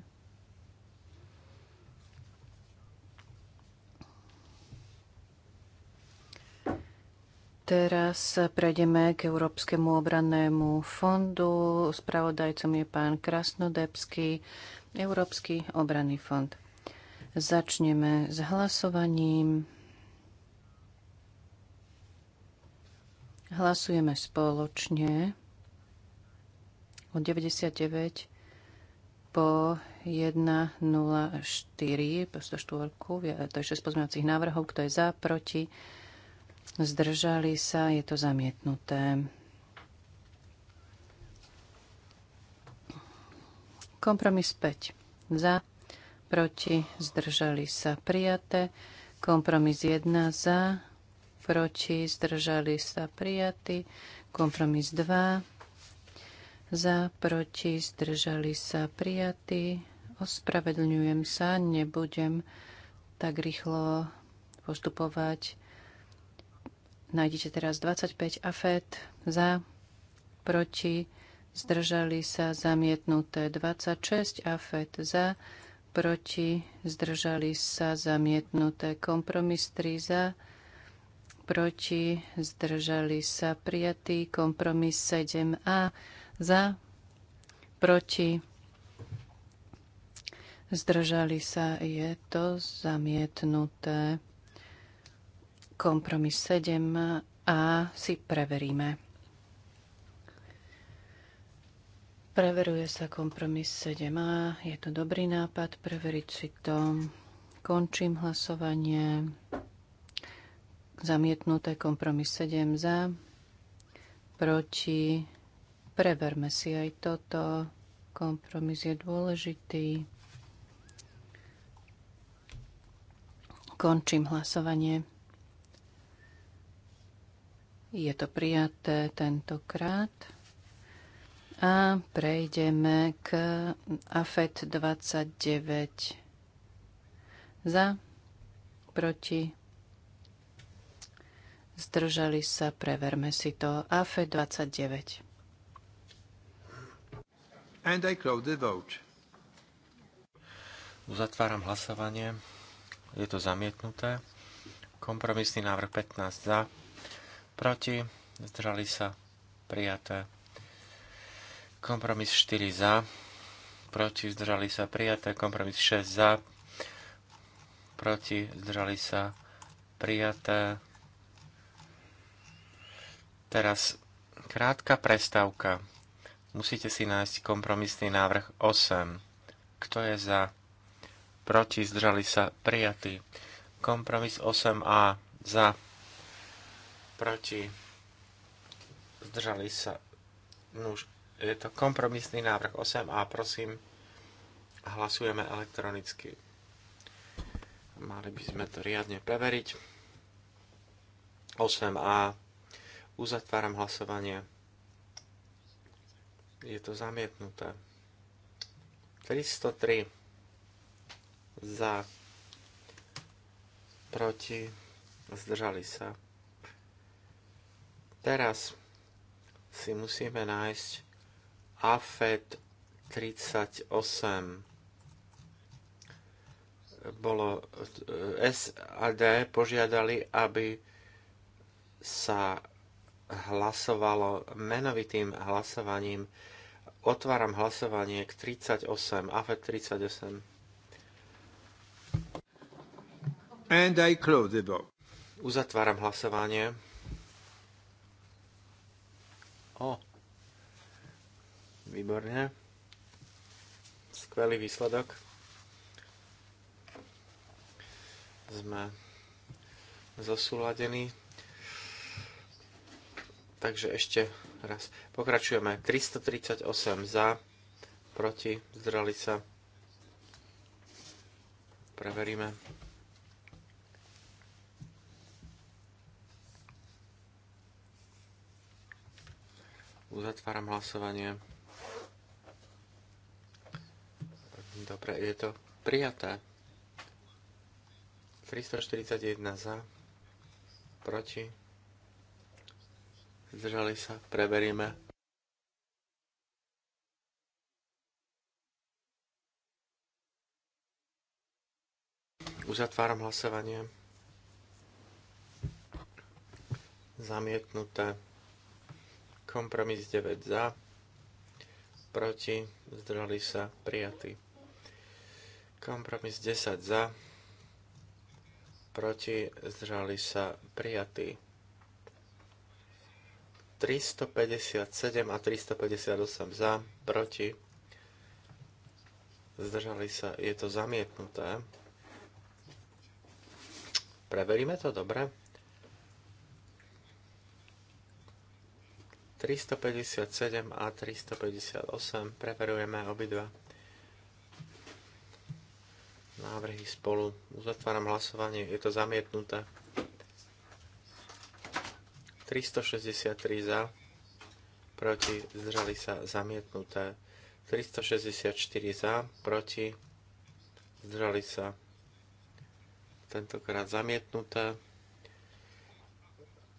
Teraz prejdeme k Európskemu obrannému fondu. Spravodajcom je pán Krasnodebský, Európsky obranný fond. Začneme s hlasovaním. Hlasujeme spoločne od 99 po 1.04, po 104, to je 6 pozmeňovacích návrhov, kto je za, proti, Zdržali sa, je to zamietnuté. Kompromis 5. Za, proti, zdržali sa, prijaté. Kompromis 1 za, proti, zdržali sa, prijatý. Kompromis 2 za, proti, zdržali sa, prijatý. Ospravedlňujem sa, nebudem tak rýchlo postupovať. Nájdete teraz 25 afet za, proti, zdržali sa zamietnuté 26 afet za, proti, zdržali sa zamietnuté kompromis 3 za, proti, zdržali sa prijatý kompromis 7a za, proti, zdržali sa, je to zamietnuté. Kompromis 7 a si preveríme. Preveruje sa kompromis 7a. Je to dobrý nápad preveriť si to. Končím hlasovanie. Zamietnuté kompromis 7 za. Proti. Preverme si aj toto. Kompromis je dôležitý. Končím hlasovanie. Je to prijaté tentokrát. A prejdeme k AFET 29 za, proti, zdržali sa, preverme si to. AFET 29. And I close the vote. Uzatváram hlasovanie. Je to zamietnuté. Kompromisný návrh 15 za, proti, zdržali sa prijaté. Kompromis 4 za, proti, zdržali sa prijaté. Kompromis 6 za, proti, zdržali sa prijaté. Teraz krátka prestávka. Musíte si nájsť kompromisný návrh 8. Kto je za? Proti, zdržali sa prijatý. Kompromis 8a za proti, zdržali sa. Nuž, je to kompromisný návrh 8a, prosím, hlasujeme elektronicky. Mali by sme to riadne preveriť. 8a, uzatváram hlasovanie. Je to zamietnuté. 303 za, proti, zdržali sa. Teraz si musíme nájsť AFET 38. Bolo eh, SAD požiadali, aby sa hlasovalo menovitým hlasovaním. Otváram hlasovanie k 38, Afet 38. And I close the vote. Uzatváram hlasovanie. O. Výborne. Skvelý výsledok. Sme zosúladení. Takže ešte raz. Pokračujeme. 338 za, proti, zdrali sa. Preveríme. Uzatváram hlasovanie. Dobre, je to prijaté. 341 za, proti, zdržali sa, preveríme. Uzatváram hlasovanie. Zamietnuté. Kompromis 9 za, proti, zdrali sa, prijatý. Kompromis 10 za, proti, zdržali sa, prijatý. 357 a 358 za, proti, zdržali sa, je to zamietnuté. Preveríme to, dobre? 357 a 358 preverujeme obidva návrhy spolu. Uzatváram hlasovanie, je to zamietnuté. 363 za, proti, zdržali sa zamietnuté. 364 za, proti, zdržali sa tentokrát zamietnuté.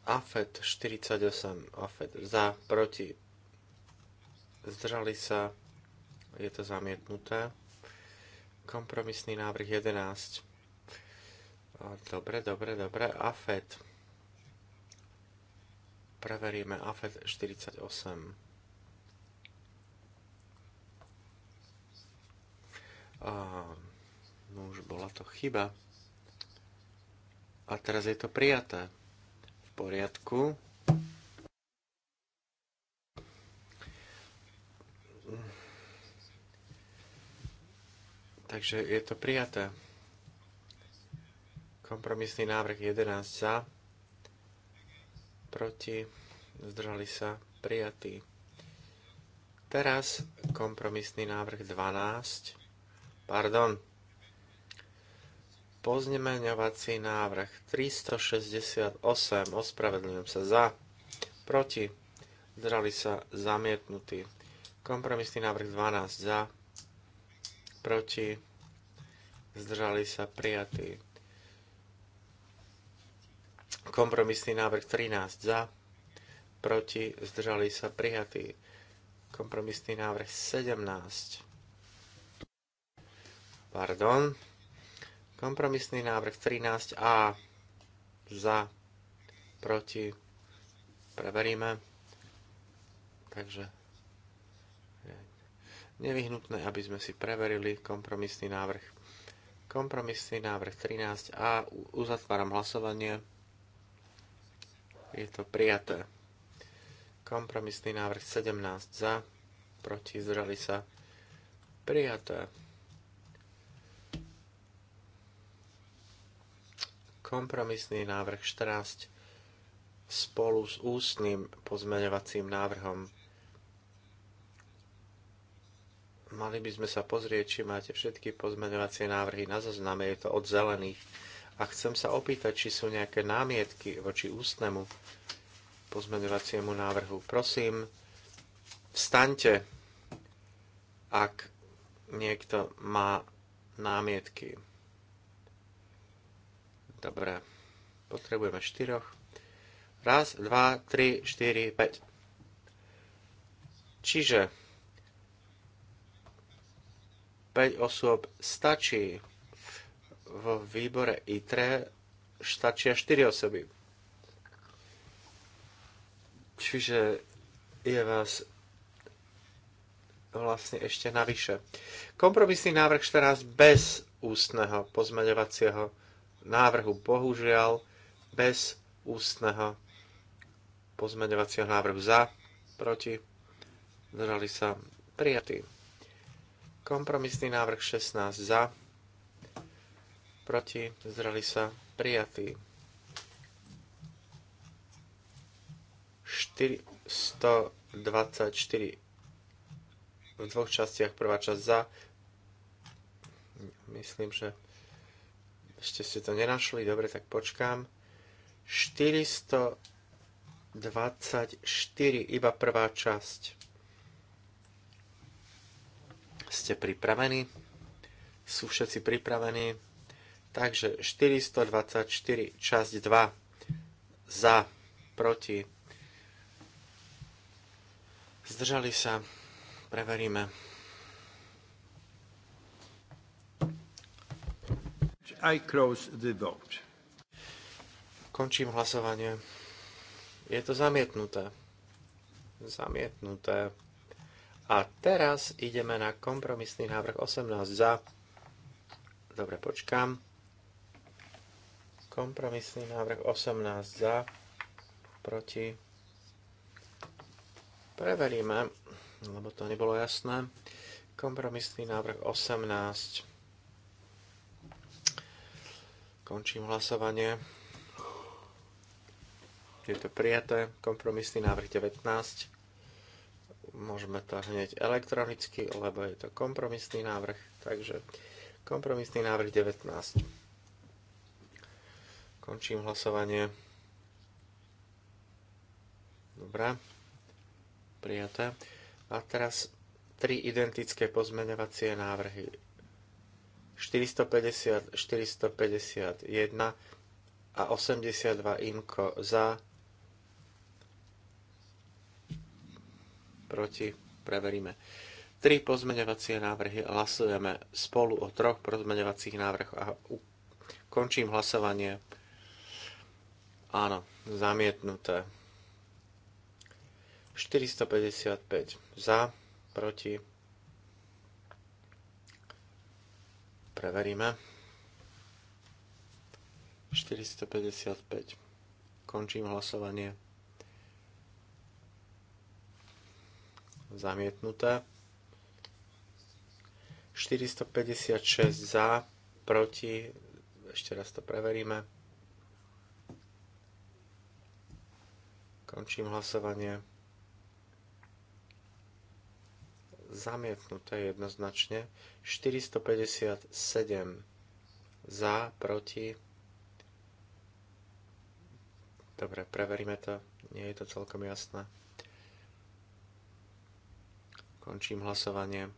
AFET 48, AFET za, proti, zdržali sa, je to zamietnuté. Kompromisný návrh 11. Dobre, dobre, dobre, AFET. Preveríme AFET 48. A, no už bola to chyba. A teraz je to prijaté poriadku. Takže je to prijaté. Kompromisný návrh 11 za, proti, zdržali sa, prijatý. Teraz kompromisný návrh 12, pardon, pozmeňovací návrh 368. Ospravedlňujem sa za. Proti. Zdrali sa zamietnutý. Kompromisný návrh 12 za. Proti. Zdrali sa prijatý. Kompromisný návrh 13 za. Proti. Zdržali sa prijatý. Kompromisný návrh 17. Pardon. Kompromisný návrh 13a za, proti, preveríme. Takže nevyhnutné, aby sme si preverili kompromisný návrh. Kompromisný návrh 13a, uzatváram hlasovanie. Je to prijaté. Kompromisný návrh 17 za, proti, zdržali sa. Prijaté. kompromisný návrh 14 spolu s ústnym pozmeňovacím návrhom. Mali by sme sa pozrieť, či máte všetky pozmeňovacie návrhy na zozname, je to od zelených. A chcem sa opýtať, či sú nejaké námietky voči ústnemu pozmeňovaciemu návrhu. Prosím, vstaňte, ak niekto má námietky. Dobre. Potrebujeme štyroch. Raz, dva, tri, štyri, päť. Čiže 5 osôb stačí. V výbore ITRE stačia 4 osoby. Čiže je vás vlastne ešte navyše. Kompromisný návrh 14 bez ústneho pozmeňovacieho návrhu, bohužiaľ, bez ústneho pozmeňovacieho návrhu za, proti, zdržali sa prijatí. Kompromisný návrh 16 za, proti, zdržali sa prijatí. 424 v dvoch častiach, prvá časť za, myslím, že ešte ste to nenašli, dobre, tak počkám. 424, iba prvá časť. Ste pripravení? Sú všetci pripravení? Takže 424, časť 2. Za, proti. Zdržali sa. Preveríme. I close the vote. Končím hlasovanie. Je to zamietnuté. Zamietnuté. A teraz ideme na kompromisný návrh 18 za. Dobre, počkám. Kompromisný návrh 18 za. Proti. Preveríme, lebo to nebolo jasné. Kompromisný návrh 18. Končím hlasovanie. Je to prijaté. Kompromisný návrh 19. Môžeme to hneď elektronicky, lebo je to kompromisný návrh. Takže kompromisný návrh 19. Končím hlasovanie. Dobre. Prijaté. A teraz tri identické pozmeňovacie návrhy 450, 451 a 82 imko za, proti, preveríme. Tri pozmeňovacie návrhy hlasujeme spolu o troch pozmeňovacích návrhoch a končím hlasovanie. Áno, zamietnuté. 455 za, proti, Preveríme. 455. Končím hlasovanie. Zamietnuté. 456 za, proti, ešte raz to preveríme. Končím hlasovanie. zamietnuté jednoznačne. 457 za, proti. Dobre, preveríme to. Nie je to celkom jasné. Končím hlasovanie.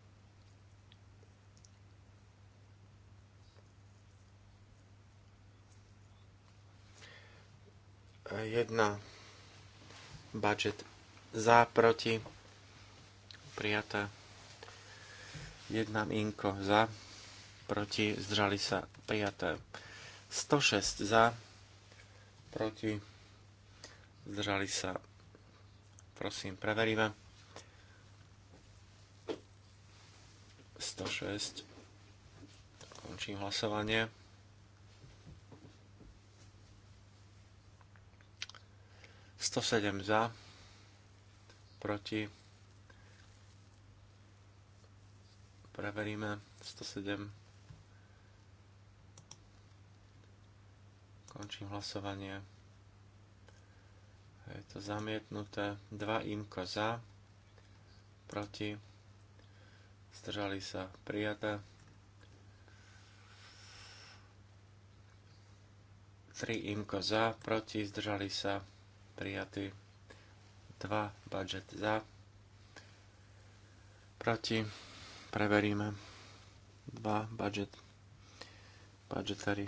Jedna budget za, proti, prijaté. 1 inko za, proti, zdržali sa prijaté. 106 za, proti, zdržali sa, prosím, preveríme. 106, končím hlasovanie. Sto sedem za, proti, Preveríme 107. Končím hlasovanie. Je to zamietnuté. 2 imko za, proti, zdržali sa prijaté. 3 imko za, proti, zdržali sa prijatí. 2 budget za, proti, Preveríme. 2. Budget. Budgetary.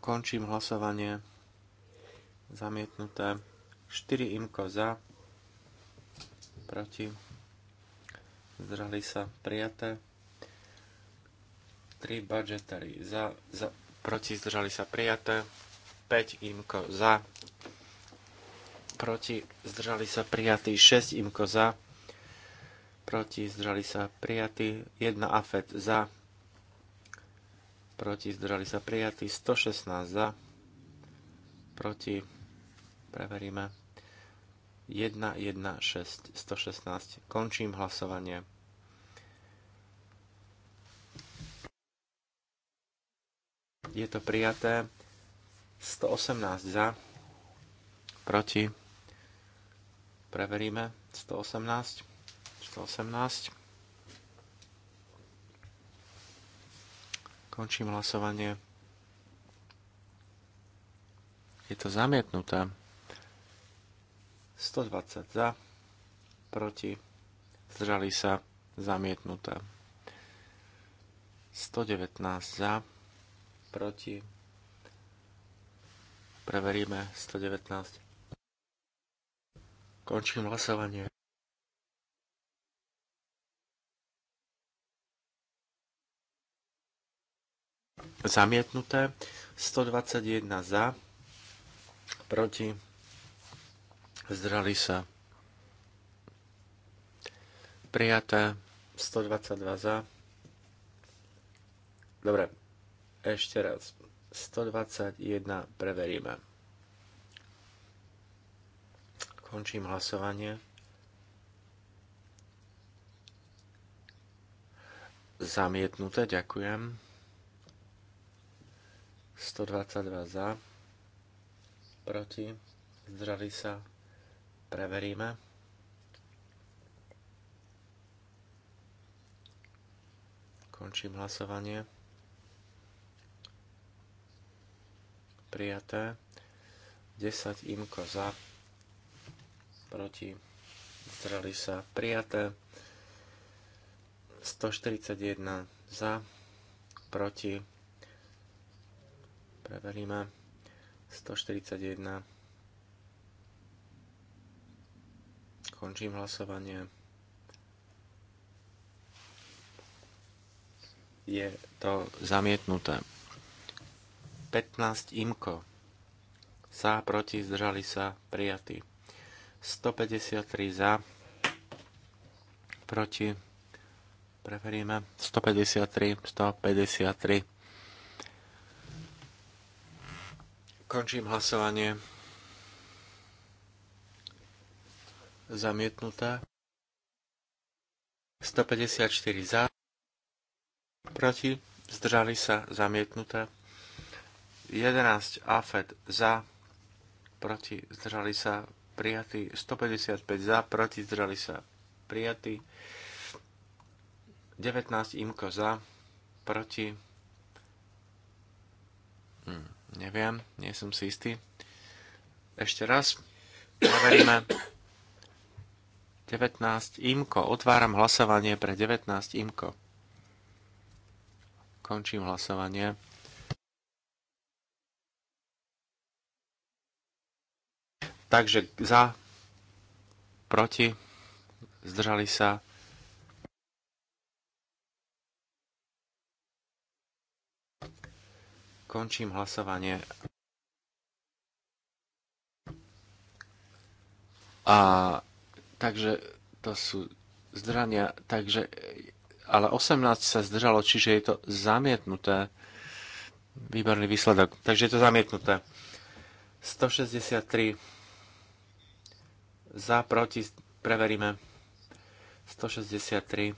Končím hlasovanie. Zamietnuté. 4 imko za. Proti. Zdrali sa. Prijaté. 3 budgetary za, za, proti zdržali sa prijaté, 5 imko za, proti zdržali sa prijatý, 6 imko za, proti, zdržali sa prijatí, 1 afet za, proti, zdržali sa prijatí, 116 za, proti, preveríme, 1, 1, 6, 116, končím hlasovanie. Je to prijaté, 118 za, proti, preveríme, 118, 218. Končím hlasovanie. Je to zamietnuté. 120 za, proti, zdržali sa, zamietnuté. 119 za, proti, preveríme 119. Končím hlasovanie. Zamietnuté. 121 za. Proti. Zdrali sa. Prijaté. 122 za. Dobre. Ešte raz. 121 preveríme. Končím hlasovanie. Zamietnuté, ďakujem. 122 za, proti, zdržali sa, preveríme. Končím hlasovanie. Prijaté. 10 imko za, proti, zdraví sa, prijaté. 141 za, proti, Preveríme. 141. Končím hlasovanie. Je to zamietnuté. 15 imko. Za, proti, zdržali sa, prijatí. 153 za, proti, preferíme. 153, 153. Končím hlasovanie. Zamietnuté. 154 za. Proti. Zdržali sa. Zamietnuté. 11 AFED za. Proti. Zdržali sa. Prijatý. 155 za. Proti. Zdržali sa. Prijatý. 19 IMKO za. Proti. Hmm. Neviem, nie som si istý. Ešte raz. poveríme 19 imko. Otváram hlasovanie pre 19 imko. Končím hlasovanie. Takže za, proti, zdržali sa, Končím hlasovanie. A takže to sú zdrania, takže ale 18 sa zdržalo, čiže je to zamietnuté. Výborný výsledok. Takže je to zamietnuté. 163 za, proti, preveríme. 163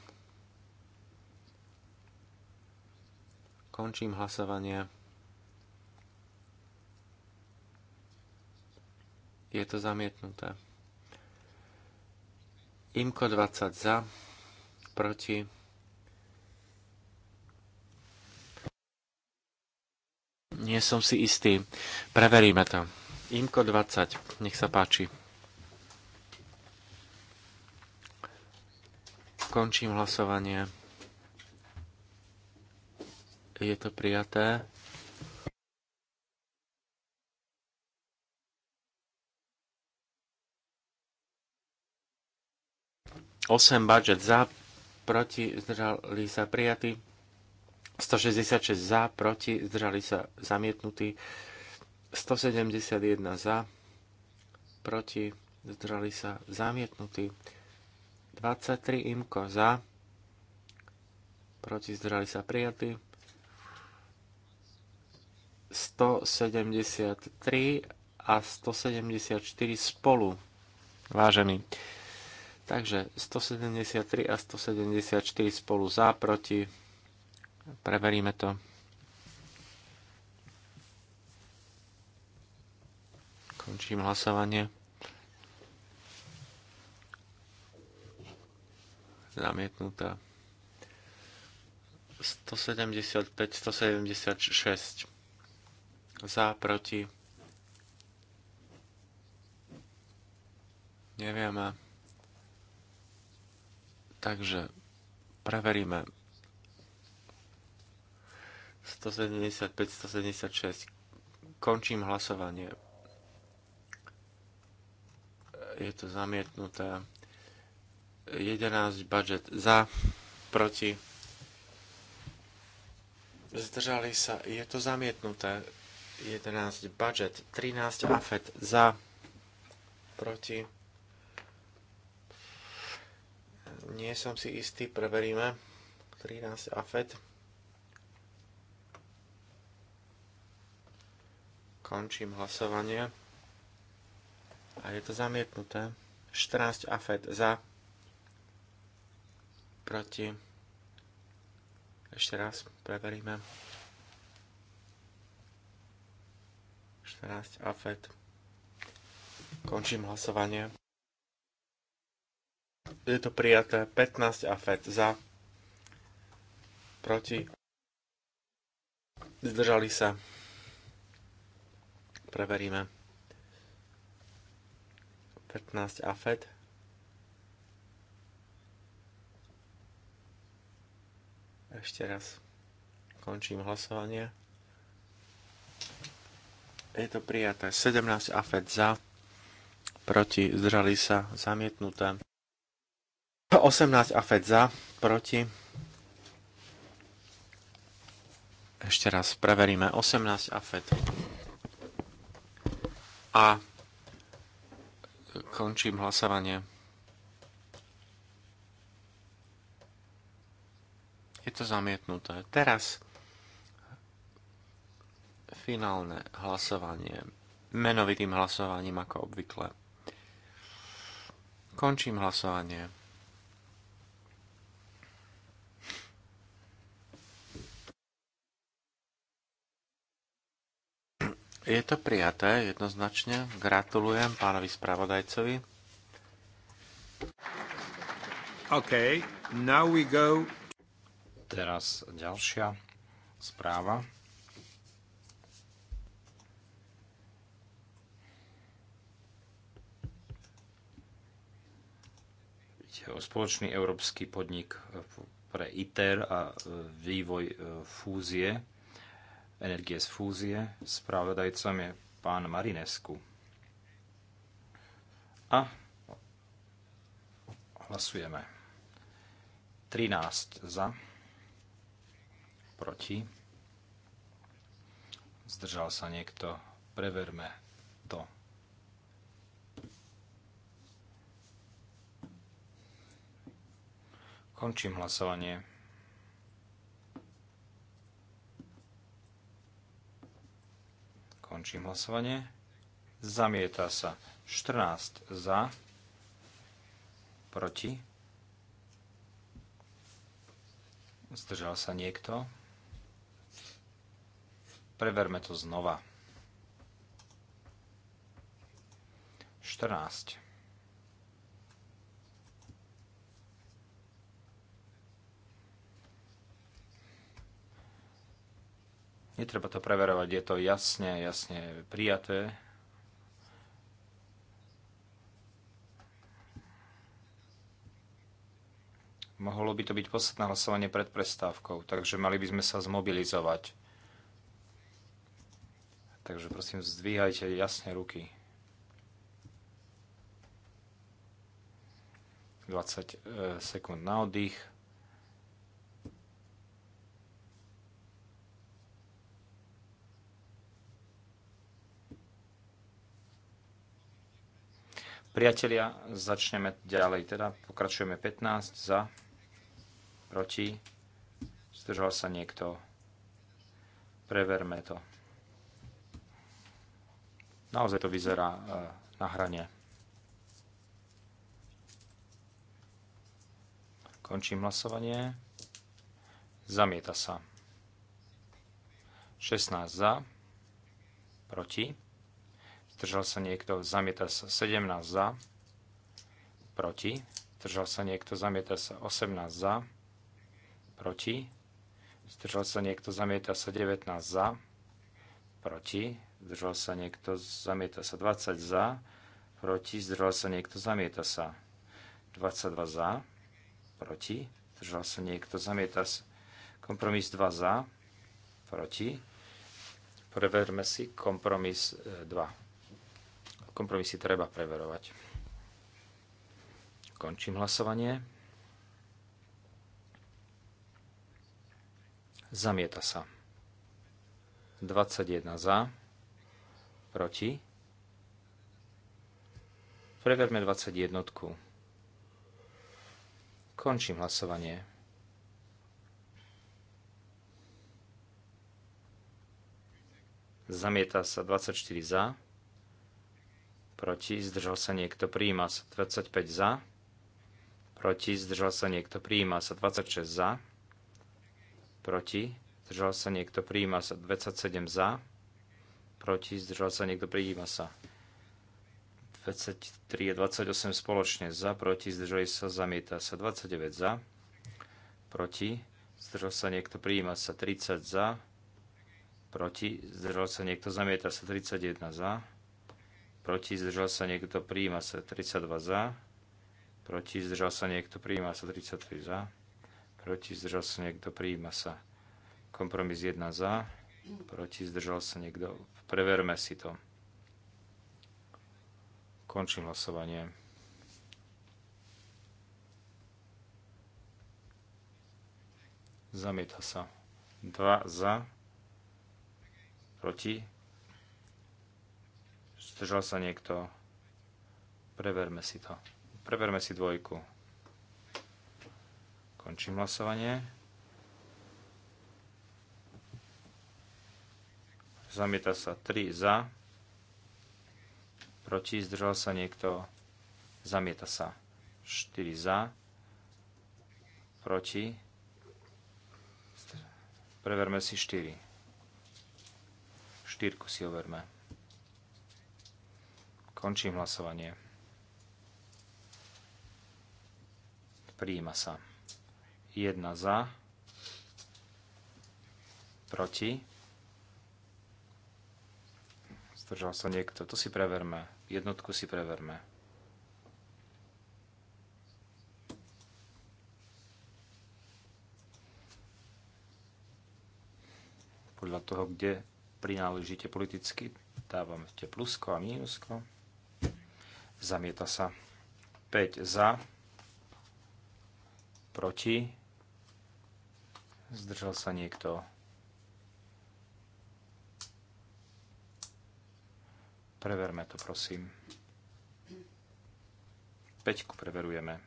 Končím hlasovanie. je to zamietnuté. Imko 20 za, proti. Nie som si istý. Preveríme to. Imko 20, nech sa páči. Končím hlasovanie. Je to prijaté. 8 budget za, proti, zdržali sa prijatí. 166 za, proti, zdržali sa zamietnutí. 171 za, proti, zdržali sa zamietnutí. 23 imko za, proti, zdržali sa prijatí. 173 a 174 spolu. Vážení. Takže 173 a 174 spolu za, proti. Preveríme to. Končím hlasovanie. Zamietnutá. 175, 176. Za, proti. Nevieme. Takže preveríme 175, 176. Končím hlasovanie. Je to zamietnuté. 11 budget za, proti. Zdržali sa. Je to zamietnuté. 11 budget, 13 afet za, proti Nie som si istý, preveríme. 13 AFET. Končím hlasovanie. A je to zamietnuté. 14 AFET za. Proti. Ešte raz preveríme. 14 AFET. Končím hlasovanie je to prijaté 15 a FED za, proti, zdržali sa, preveríme, 15 a FED, ešte raz, končím hlasovanie, je to prijaté 17 a FED za, proti, zdržali sa, zamietnuté. 18 a Fed za, proti. Ešte raz preveríme 18 a Fed. A končím hlasovanie. Je to zamietnuté. Teraz finálne hlasovanie menovitým hlasovaním ako obvykle. Končím hlasovanie. Je to prijaté jednoznačne. Gratulujem pánovi spravodajcovi. OK, now we go. Teraz ďalšia správa. o spoločný európsky podnik pre ITER a e, vývoj e, fúzie energie z fúzie. Spravodajcom je pán Marinescu. A hlasujeme. 13 za, proti. Zdržal sa niekto. Preverme to. Končím hlasovanie. Končím hlasovanie. Zamieta sa 14 za, proti. Zdržal sa niekto. Preverme to znova. 14. Netreba to preverovať, je to jasne, jasne prijaté. Mohlo by to byť posledné hlasovanie pred prestávkou, takže mali by sme sa zmobilizovať. Takže prosím, zdvíhajte jasne ruky. 20 eh, sekúnd na oddych. Priatelia, začneme ďalej. Teda pokračujeme 15 za, proti. Zdržal sa niekto. Preverme to. Naozaj to vyzerá e, na hrane. Končím hlasovanie. Zamieta sa. 16 za, proti Zdržal sa niekto, zamieta sa 17 za. Proti. Zdržal sa niekto, zamieta sa 18 za. Proti. Zdržal sa niekto, zamieta sa 19 za. Proti. Zdržal sa niekto, zamieta sa 20 za. Proti. Zdržal sa niekto, zamieta sa 22 za. Proti. Zdržal sa niekto, zamieta sa. Kompromis 2 za. Proti. Preverme si kompromis 2. E, Kompromisy treba preverovať. Končím hlasovanie. Zamieta sa. 21 za, proti. Preverme 21. Končím hlasovanie. Zamieta sa 24 za, proti, zdržal sa niekto, prijíma sa 25 za, proti, zdržal sa niekto, prijíma sa 26 za, proti, zdržal sa niekto, prijíma sa 27 za, proti, zdržal sa niekto, príjma sa 23 a 28 spoločne za, proti, zdržali sa, zamieta sa 29 za, proti, zdržal sa niekto, prijíma sa 30 za, proti, zdržal sa niekto, zamieta sa 31 za, proti, zdržal sa niekto, prijíma sa 32 za, proti, zdržal sa niekto, prijíma sa 33 za, proti, zdržal sa niekto, prijíma sa. Kompromis 1 za, proti, zdržal sa niekto. Preverme si to. Končím hlasovanie. Zamieta sa. 2 za, proti, Zdržal sa niekto? Preverme si to. Preverme si dvojku. Končím hlasovanie. Zamieta sa 3 za. Proti zdržal sa niekto. Zamieta sa 4 za. Proti. Preverme si 4. Štyrku si overme. Končím hlasovanie. Príjima sa. 1 za. Proti. Zdržal sa niekto. To si preverme. Jednotku si preverme. podľa toho, kde prináležíte politicky, dávame plusko a mínusko. Zamieta sa. 5 za. Proti. Zdržal sa niekto. Preverme to, prosím. Peťku preverujeme.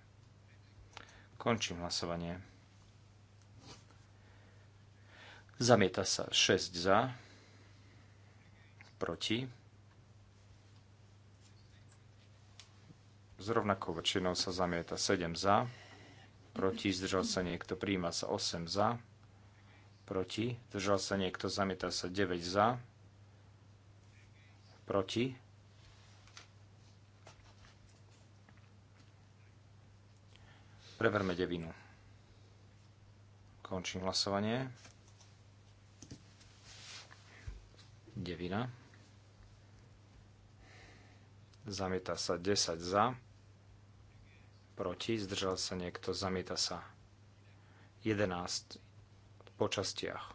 Končím hlasovanie. Zamieta sa 6 za, proti s rovnakou väčšinou sa zamieta 7 za, proti zdržal sa niekto, príjma sa 8 za, proti zdržal sa niekto, zamieta sa 9 za, proti Preverme devinu. Končím hlasovanie. Devina. Zamieta sa 10 za proti, zdržal sa niekto, zamieta sa. 11 po častiach.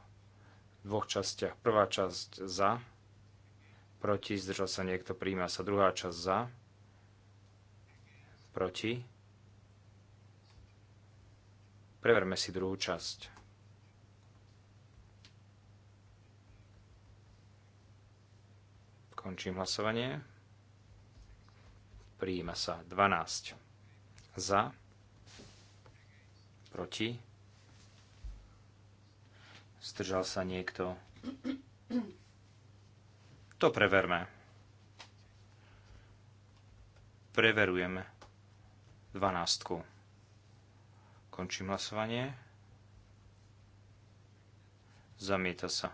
V dvoch častiach. Prvá časť za, proti, zdržal sa niekto, príjma sa. Druhá časť za, proti. Preverme si druhú časť. Končím hlasovanie. Prijíma sa 12 za, proti, zdržal sa niekto. To preverme. Preverujeme dvanástku. Končím hlasovanie. Zamieta sa.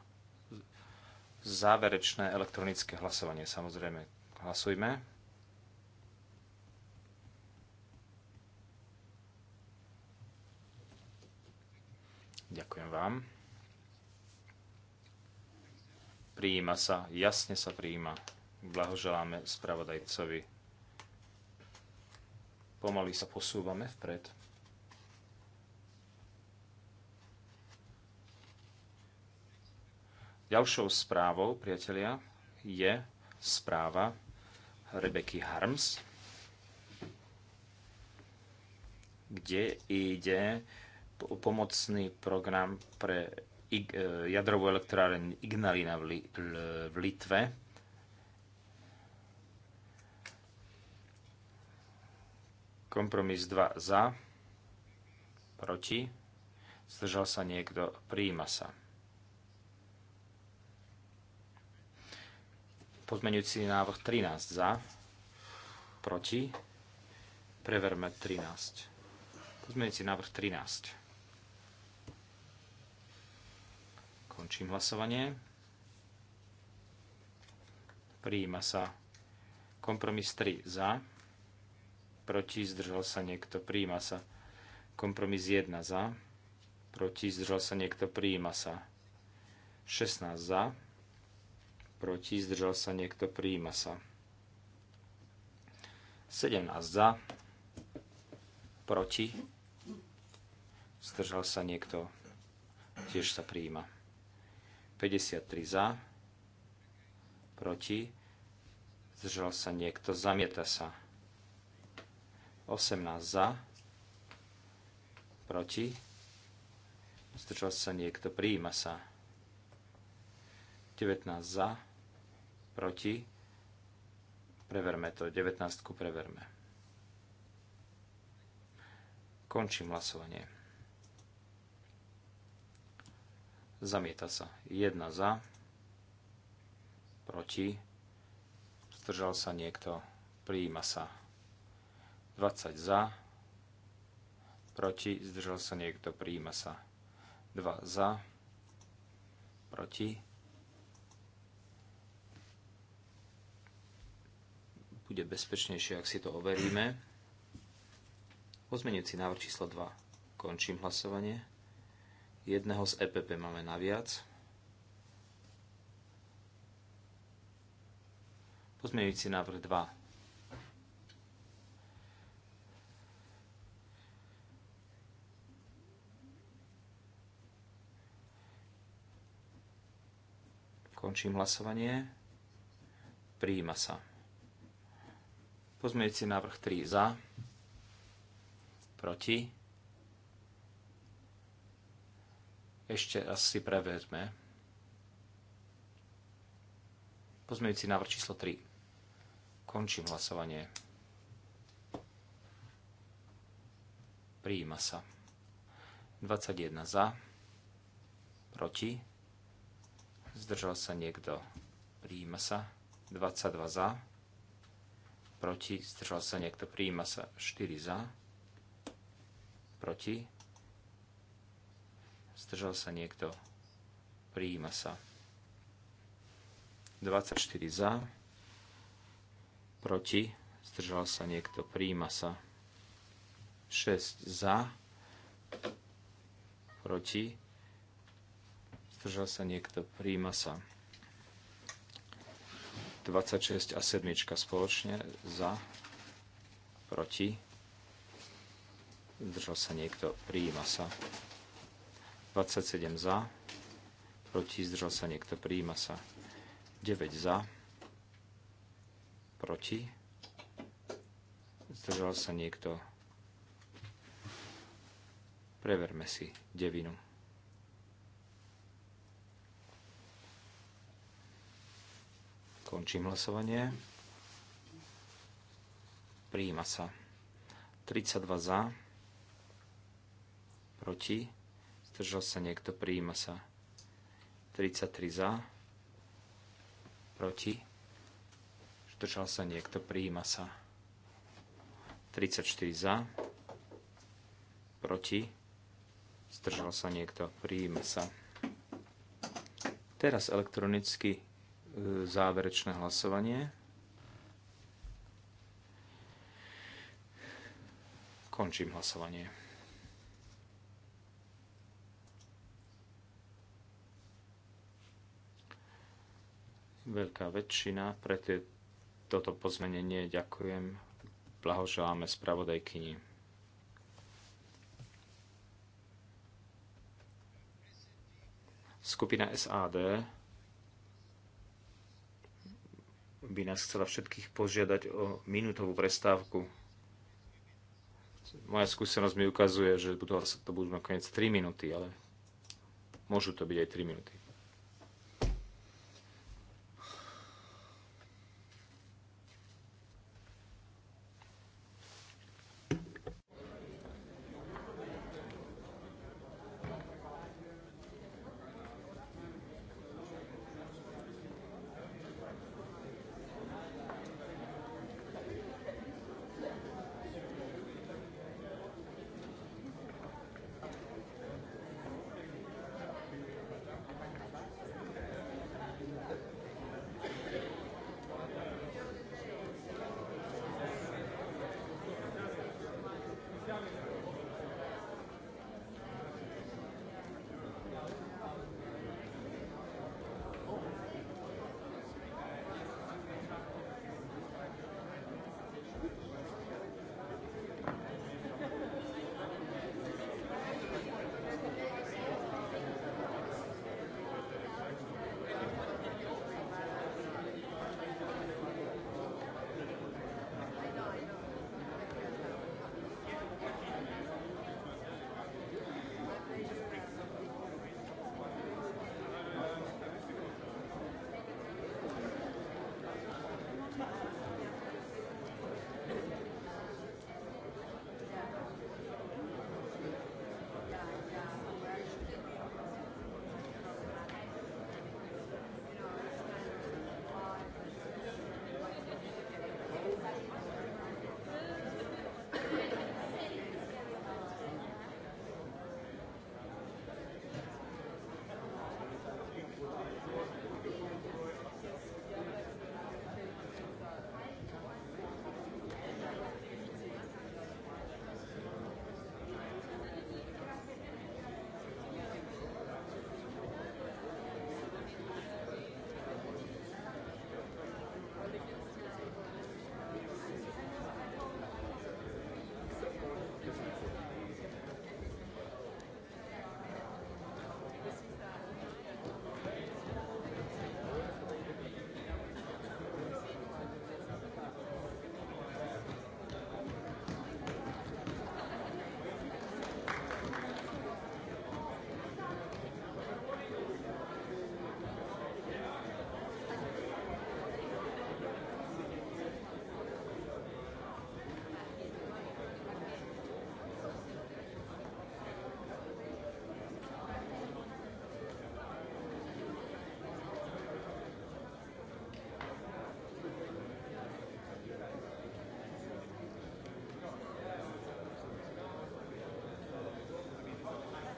Záverečné elektronické hlasovanie, samozrejme. Hlasujme. Ďakujem vám. Prijíma sa, jasne sa prijíma. Blahoželáme spravodajcovi. Pomaly sa posúvame vpred. Ďalšou správou, priatelia, je správa Rebeky Harms, kde ide pomocný program pre e, jadrovú elektráreň Ignalina v Litve. Kompromis 2 za, proti, zdržal sa niekto, prijíma sa. Pozmeňujúci návrh 13 za, proti, preverme 13. Pozmeňujúci návrh 13. Končím hlasovanie. Prijíma sa kompromis 3 za, proti zdržal sa niekto, prijíma sa kompromis 1 za, proti zdržal sa niekto, prijíma sa 16 za, proti zdržal sa niekto, prijíma sa 17 za, proti zdržal sa niekto, tiež sa prijíma. 53 za, proti, zdržal sa niekto, zamieta sa. 18 za, proti, zdržal sa niekto, prijíma sa. 19 za, proti, preverme to, 19 preverme. Končím hlasovanie. Zamieta sa. 1 za. Proti. Zdržal sa niekto. Prijíma sa. 20 za. Proti. Zdržal sa niekto. Prijíma sa. 2 za. Proti. Bude bezpečnejšie, ak si to overíme. si návrh číslo 2. Končím hlasovanie. Jedného z EPP máme naviac. Pozmeňujúci návrh 2. Končím hlasovanie. Prijíma sa. Pozmeňujúci návrh 3 za. Proti. Ešte asi prevedme. si návrh číslo 3. Končím hlasovanie. Prijíma sa. 21 za. Proti. Zdržal sa niekto. Prijíma sa. 22 za. Proti. Zdržal sa niekto. Prijíma sa. 4 za. Proti Zdržal sa niekto? Prijíma sa. 24 za. Proti. Zdržal sa niekto? Prijíma sa. 6 za. Proti. Zdržal sa niekto? Prijíma sa. 26 a 7 spoločne za, proti, zdržal sa niekto, prijíma sa. 27 za, proti zdržal sa niekto, prijíma sa 9 za, proti zdržal sa niekto. Preverme si devinu. Končím hlasovanie. Prijíma sa. 32 za, proti Zdržal sa niekto, prijíma sa. 33 za. Proti. Zdržal sa niekto, prijíma sa. 34 za. Proti. Zdržal sa niekto, prijíma sa. Teraz elektronicky e, záverečné hlasovanie. Končím hlasovanie. veľká väčšina pre tie, toto pozmenenie. Ďakujem. Blahoželáme spravodajkyni. Skupina SAD by nás chcela všetkých požiadať o minútovú prestávku. Moja skúsenosť mi ukazuje, že to budú nakoniec 3 minúty, ale môžu to byť aj 3 minúty.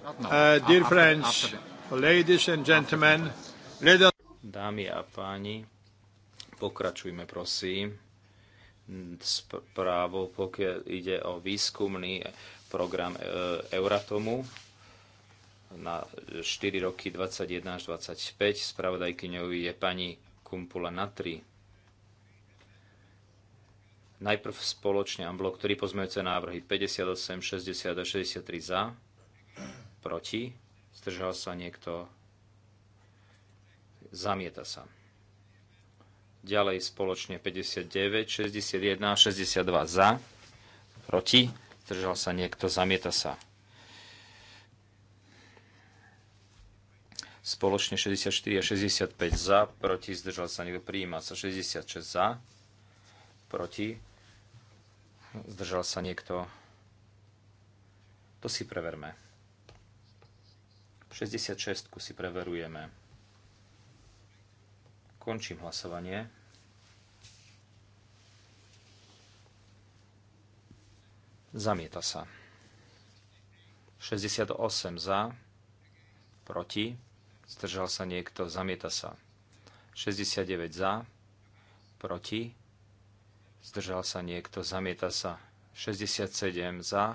No, eh, dear friends, ladies and gentlemen, let us... Dámy a páni, pokračujme prosím správo, pokiaľ ide o výskumný program eh, Euratomu na 4 roky 21 až 25. Spravodajkyňou je pani Kumpula Natri. Najprv spoločne amblok, ktorý pozmejúce návrhy 58, 60 a 63 za proti, zdržal sa niekto, zamieta sa. Ďalej spoločne 59, 61, 62 za, proti, zdržal sa niekto, zamieta sa. Spoločne 64 a 65 za, proti, zdržal sa niekto, prijíma sa 66 za, proti, zdržal sa niekto, to si preverme. 66 si preverujeme. Končím hlasovanie. Zamieta sa. 68 za, proti, zdržal sa niekto, zamieta sa. 69 za, proti, zdržal sa niekto, zamieta sa. 67 za,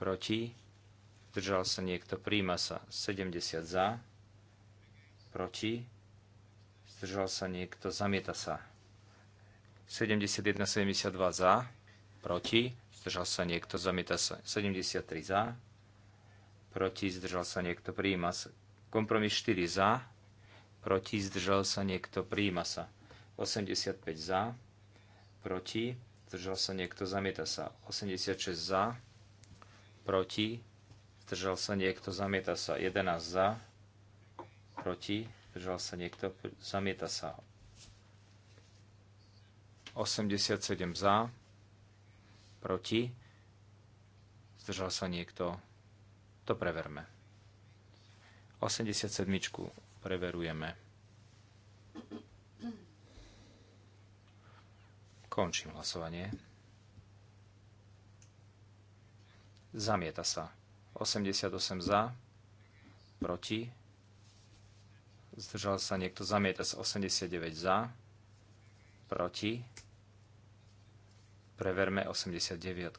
proti, zdržal sa niekto, príjma sa 70 za, proti, zdržal sa niekto, zamieta sa 71, 72 za, proti, zdržal sa niekto, zamieta sa 73 za, proti, zdržal sa niekto, príjma sa kompromis 4 za, proti, zdržal sa niekto, príjma sa 85 za, proti, zdržal sa niekto, zamieta sa 86 za, proti, Zdržal sa niekto, zamieta sa. 11 za, proti, zdržal sa niekto, zamieta sa. 87 za, proti, zdržal sa niekto, to preverme. 87 preverujeme. Končím hlasovanie. Zamieta sa. 88 za, proti, zdržal sa niekto, zamieta sa 89 za, proti, preverme 89.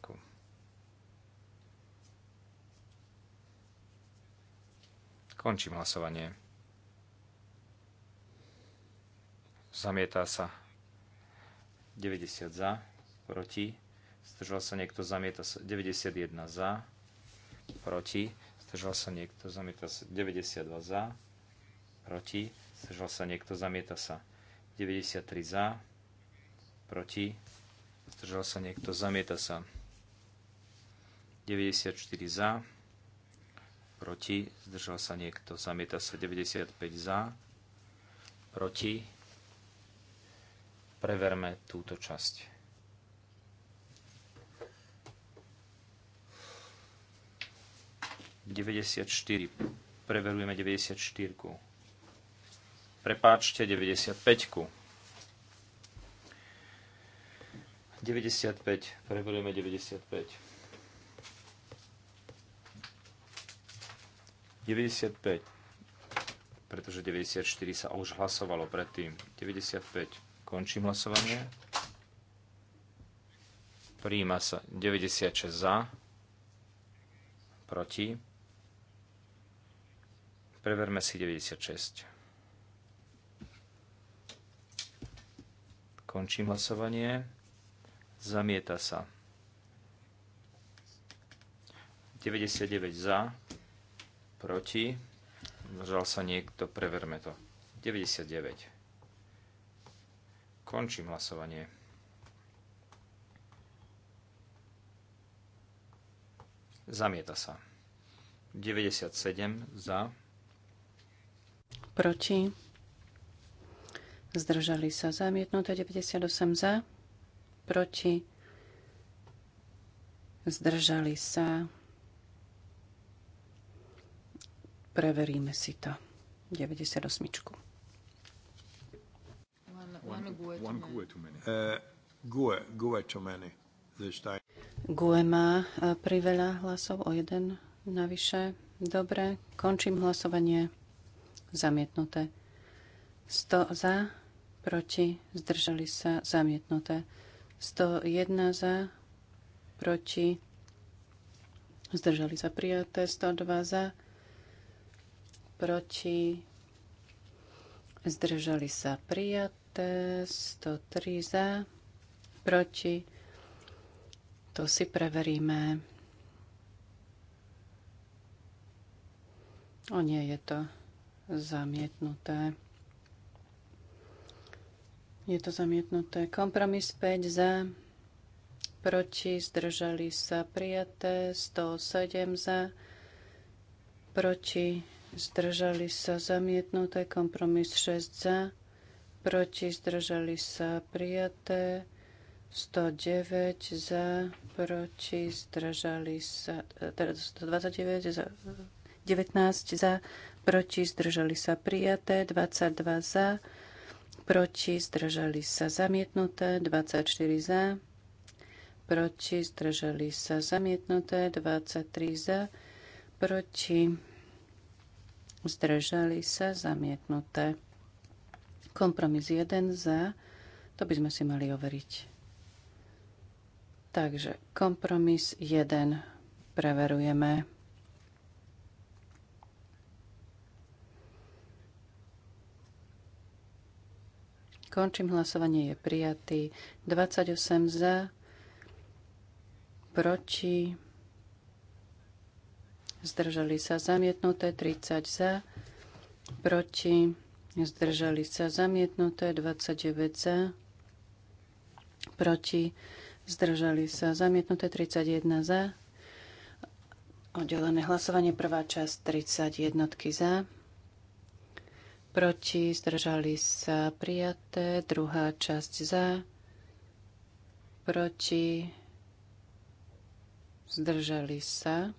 Končím hlasovanie. Zamieta sa 90 za, proti, zdržal sa niekto, zamieta sa 91 za, proti, zdržal sa niekto, zamieta sa 92 za, proti, zdržal sa niekto, zamieta sa 93 za, proti, zdržal sa niekto, zamieta sa 94 za, proti, zdržal sa niekto, zamieta sa 95 za, proti, preverme túto časť. 94. Preverujeme 94. Prepáčte, 95. 95. Preverujeme 95. 95. Pretože 94 sa už hlasovalo predtým. 95. Končím hlasovanie. Príjima sa 96 za, proti Preverme si 96. Končím hlasovanie. Zamieta sa. 99 za, proti. Zdržal sa niekto, preverme to. 99. Končím hlasovanie. Zamieta sa. 97 za, Proti. Zdržali sa zamietnuté 98 za. Proti. Zdržali sa. Preveríme si to. 98. Uh, GUE má uh, priveľa hlasov o jeden navyše. Dobre, končím hlasovanie zamietnuté. 100 za, proti, zdržali sa, zamietnuté. 101 za, proti, zdržali sa, prijaté. 102 za, proti, zdržali sa, prijaté. 103 za, proti, to si preveríme. O nie, je to Zamietnuté. Je to zamietnuté. Kompromis 5 za, proti, zdržali sa prijaté, 107 za, proti, zdržali sa zamietnuté, kompromis 6 za, proti, zdržali sa prijaté, 109 za, proti, zdržali sa, teda 129 za, 19 za, proti, zdržali sa prijaté, 22 za, proti, zdržali sa zamietnuté, 24 za, proti, zdržali sa zamietnuté, 23 za, proti, zdržali sa zamietnuté. Kompromis 1 za, to by sme si mali overiť. Takže kompromis 1 preverujeme. Končím hlasovanie. Je prijatý. 28 za. Proti. Zdržali sa zamietnuté. 30 za. Proti. Zdržali sa zamietnuté. 29 za. Proti. Zdržali sa zamietnuté. 31 za. Oddelené hlasovanie. Prvá časť 31 za proti, zdržali sa prijaté, druhá časť za, proti, zdržali sa.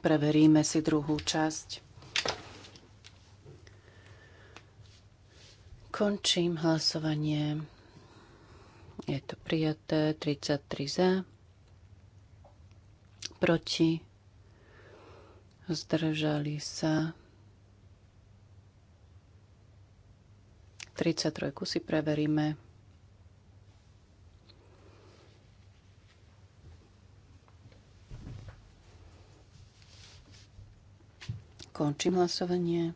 Preveríme si druhú časť. Končím hlasovanie. Je to prijaté 33 za, proti, zdržali sa. 33 si preveríme. Končím hlasovanie.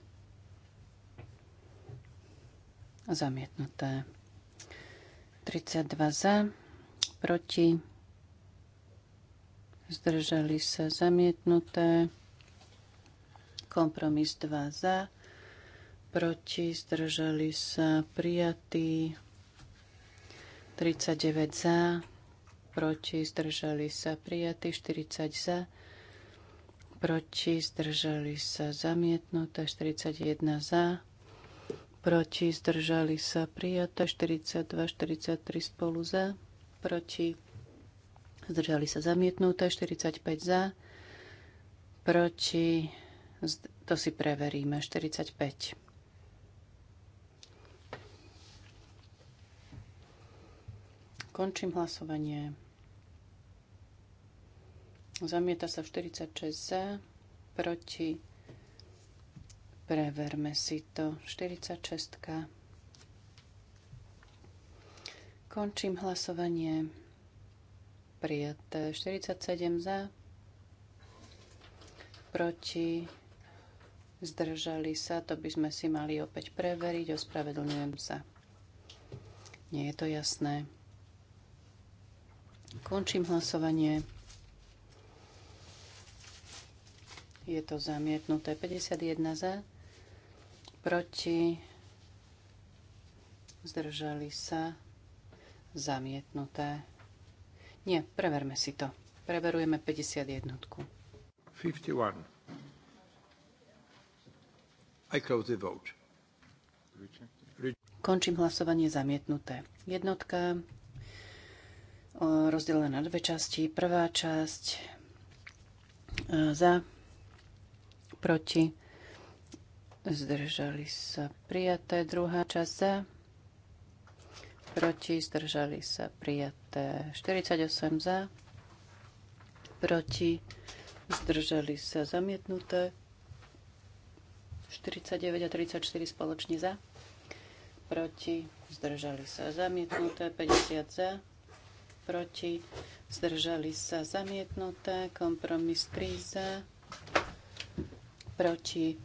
Zamietnuté. 32 za, proti, zdržali sa zamietnuté. Kompromis 2 za, proti, zdržali sa prijatí. 39 za, proti, zdržali sa prijatí. 40 za, proti, zdržali sa zamietnuté. 41 za, proti, zdržali sa prijaté. 42, 43 spolu za, proti, zdržali sa zamietnuté. 45 za, proti, to si preveríme. 45. Končím hlasovanie. Zamieta sa 46 za, proti. Preverme si to. 46. Končím hlasovanie. Prijaté 47 za, proti. Zdržali sa, to by sme si mali opäť preveriť. Ospravedlňujem sa. Nie je to jasné. Končím hlasovanie. Je to zamietnuté. 51 za, proti, zdržali sa, zamietnuté. Nie, preverme si to. Preverujeme 51. 51. I close the vote. Končím hlasovanie zamietnuté. Jednotka rozdelené na dve časti. Prvá časť e, za, proti, zdržali sa prijaté. Druhá časť za, proti, zdržali sa prijaté. 48 za, proti, zdržali sa zamietnuté. 49 a 34 spoločne za, proti, zdržali sa zamietnuté. 50 za, proti, zdržali sa zamietnuté, kompromis 3 za, proti,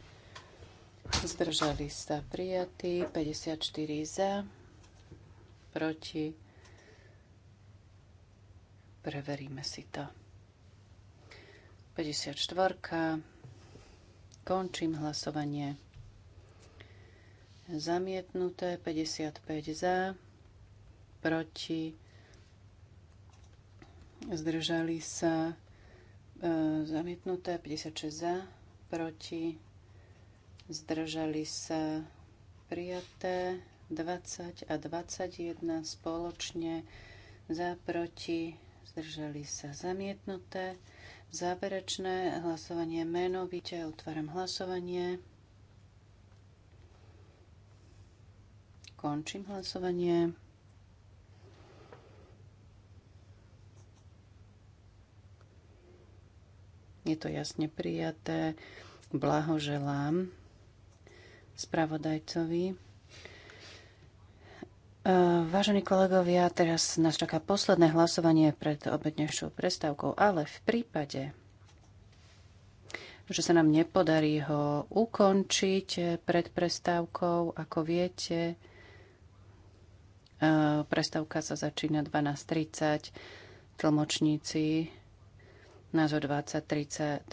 zdržali sa prijatí, 54 za, proti, preveríme si to. 54. Končím hlasovanie. Zamietnuté 55 za, proti zdržali sa e, zamietnuté, 56 za, proti, zdržali sa prijaté, 20 a 21 spoločne, za, proti, zdržali sa zamietnuté. Záverečné hlasovanie menovite, otváram hlasovanie. Končím hlasovanie. Je to jasne prijaté. Blahoželám spravodajcovi. E, vážení kolegovia, teraz nás čaká posledné hlasovanie pred obednejšou prestávkou, ale v prípade, že sa nám nepodarí ho ukončiť pred prestávkou, ako viete, e, prestávka sa začína 12.30, tlmočníci nás o 12.30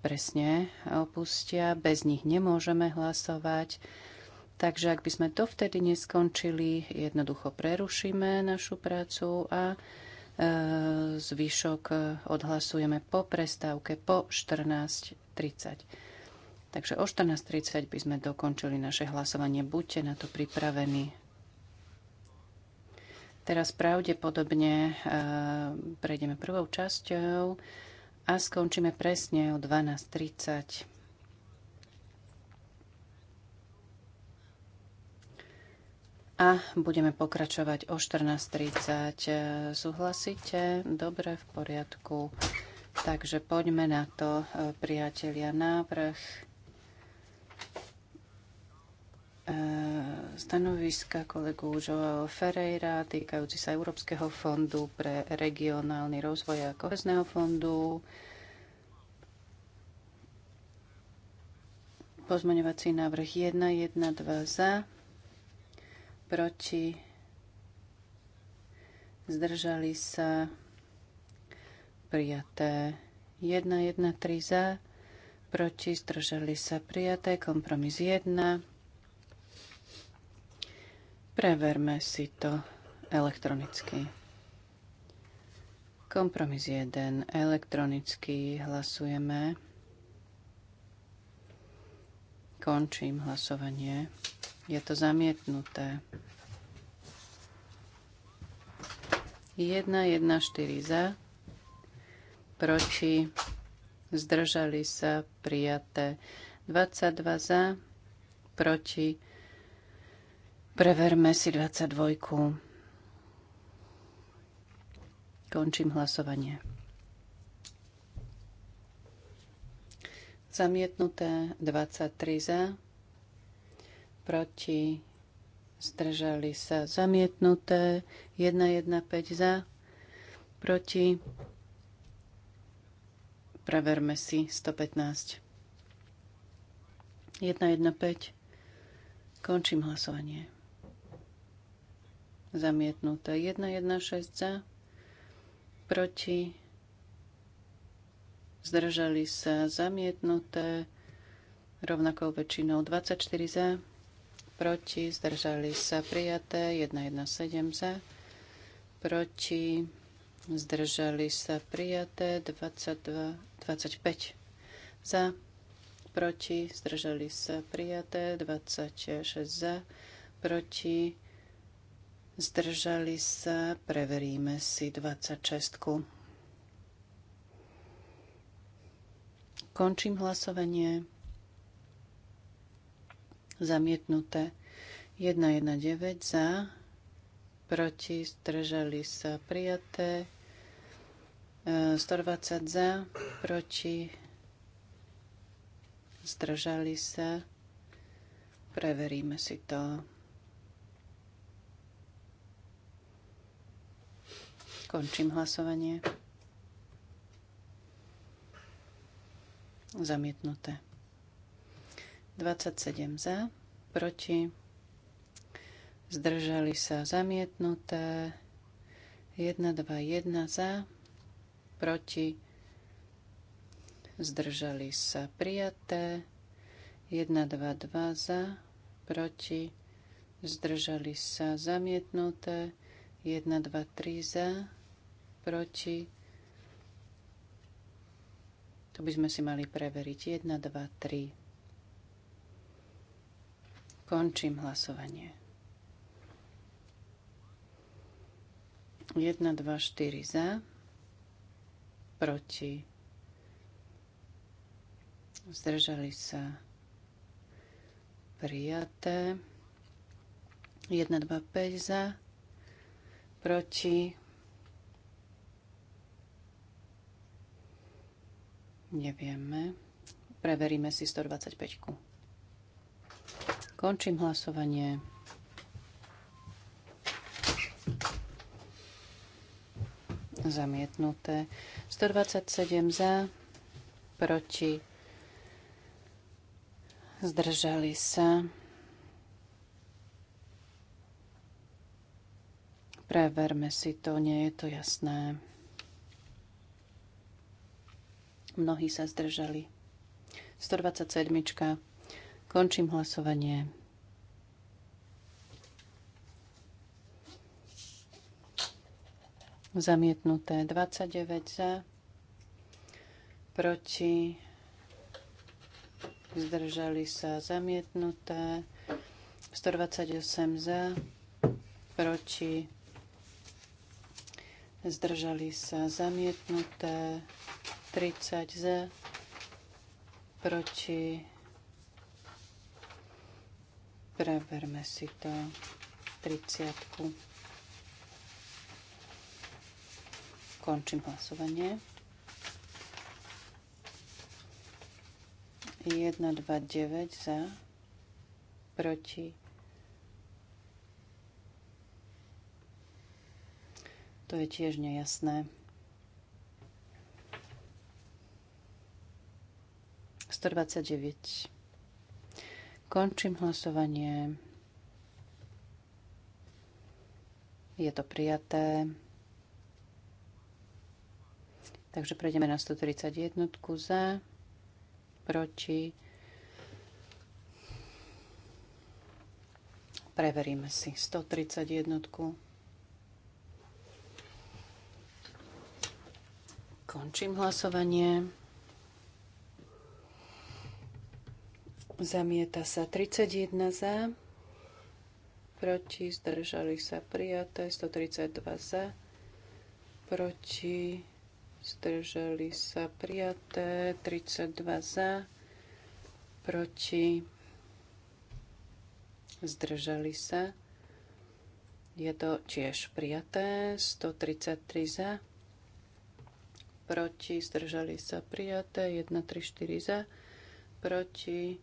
presne opustia. Bez nich nemôžeme hlasovať. Takže ak by sme to vtedy neskončili, jednoducho prerušíme našu prácu a e, zvyšok odhlasujeme po prestávke po 14.30. Takže o 14.30 by sme dokončili naše hlasovanie. Buďte na to pripravení. Teraz pravdepodobne e, prejdeme prvou časťou a skončíme presne o 12.30. A budeme pokračovať o 14.30. E, súhlasíte? Dobre, v poriadku. Takže poďme na to, e, priatelia. Návrh E, stanoviska kolegu Joao Ferreira týkajúci sa Európskeho fondu pre regionálny rozvoj a kohezného fondu. Pozmeňovací návrh 1, 1, 2 za, proti, zdržali sa, prijaté 1, 1, 3 za, proti, zdržali sa, prijaté, kompromis 1, Preverme si to elektronicky. Kompromis 1. Elektronicky hlasujeme. Končím hlasovanie. Je to zamietnuté. 1, 1, 4 za. Proti. Zdržali sa. Prijaté. 22 za. Proti Preverme si 22. Končím hlasovanie. Zamietnuté 23 za, proti zdržali sa zamietnuté 115 za, proti preverme si 115. 115. Končím hlasovanie zamietnuté. 1,1,6 za, proti, zdržali sa zamietnuté, rovnakou väčšinou 24 za, proti, zdržali sa prijaté, 1,1,7 za, proti, zdržali sa prijaté, 22, 25 za, proti, zdržali sa prijaté, 26 za, proti, Zdržali sa. Preveríme si 26. Končím hlasovanie. Zamietnuté. 119 za. Proti. Zdržali sa. Prijaté. 120 e, za. Proti. Zdržali sa. Preveríme si to. Končím hlasovanie. Zamietnuté. 27 za, proti. Zdržali sa zamietnuté. 1, 2, 1 za, proti. Zdržali sa prijaté. 1, 2, 2 za, proti. Zdržali sa zamietnuté. 1, 2, 3 za, proti. To by sme si mali preveriť. 1, 2, 3. Končím hlasovanie. 1, 2, 4 za, proti, zdržali sa prijaté, 1, 2, 5 za, proti, Nevieme. Preveríme si 125. Končím hlasovanie. Zamietnuté. 127 za, proti, zdržali sa. Preverme si to, nie je to jasné. mnohí sa zdržali. 127. Končím hlasovanie. Zamietnuté 29 za, proti, zdržali sa zamietnuté, 128 za, proti, zdržali sa zamietnuté, 30 z proti. Preberme si to. 30. Končím hlasovanie. 1, 2, 9 za, proti. To je tiež nejasné. 129. Končím hlasovanie. Je to prijaté. Takže prejdeme na 131 za, proti. Preveríme si 131. Končím hlasovanie. Zamieta sa 31 za. Proti. Zdržali sa prijaté. 132 za. Proti. Zdržali sa prijaté. 32 za. Proti. Zdržali sa. Je to tiež prijaté. 133 za. Proti. Zdržali sa prijaté. 134 za. Proti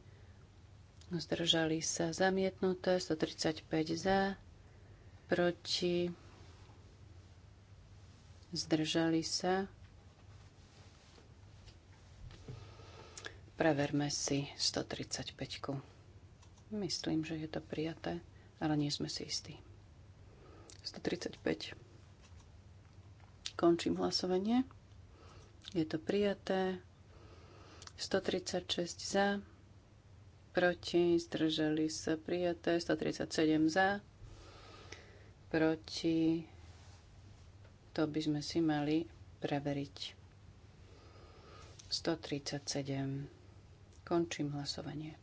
zdržali sa zamietnuté, 135 za, proti, zdržali sa. Preverme si 135. Myslím, že je to prijaté, ale nie sme si istí. 135. Končím hlasovanie. Je to prijaté. 136 za, proti, zdrželi sa prijaté, 137 za, proti, to by sme si mali preveriť. 137. Končím hlasovanie.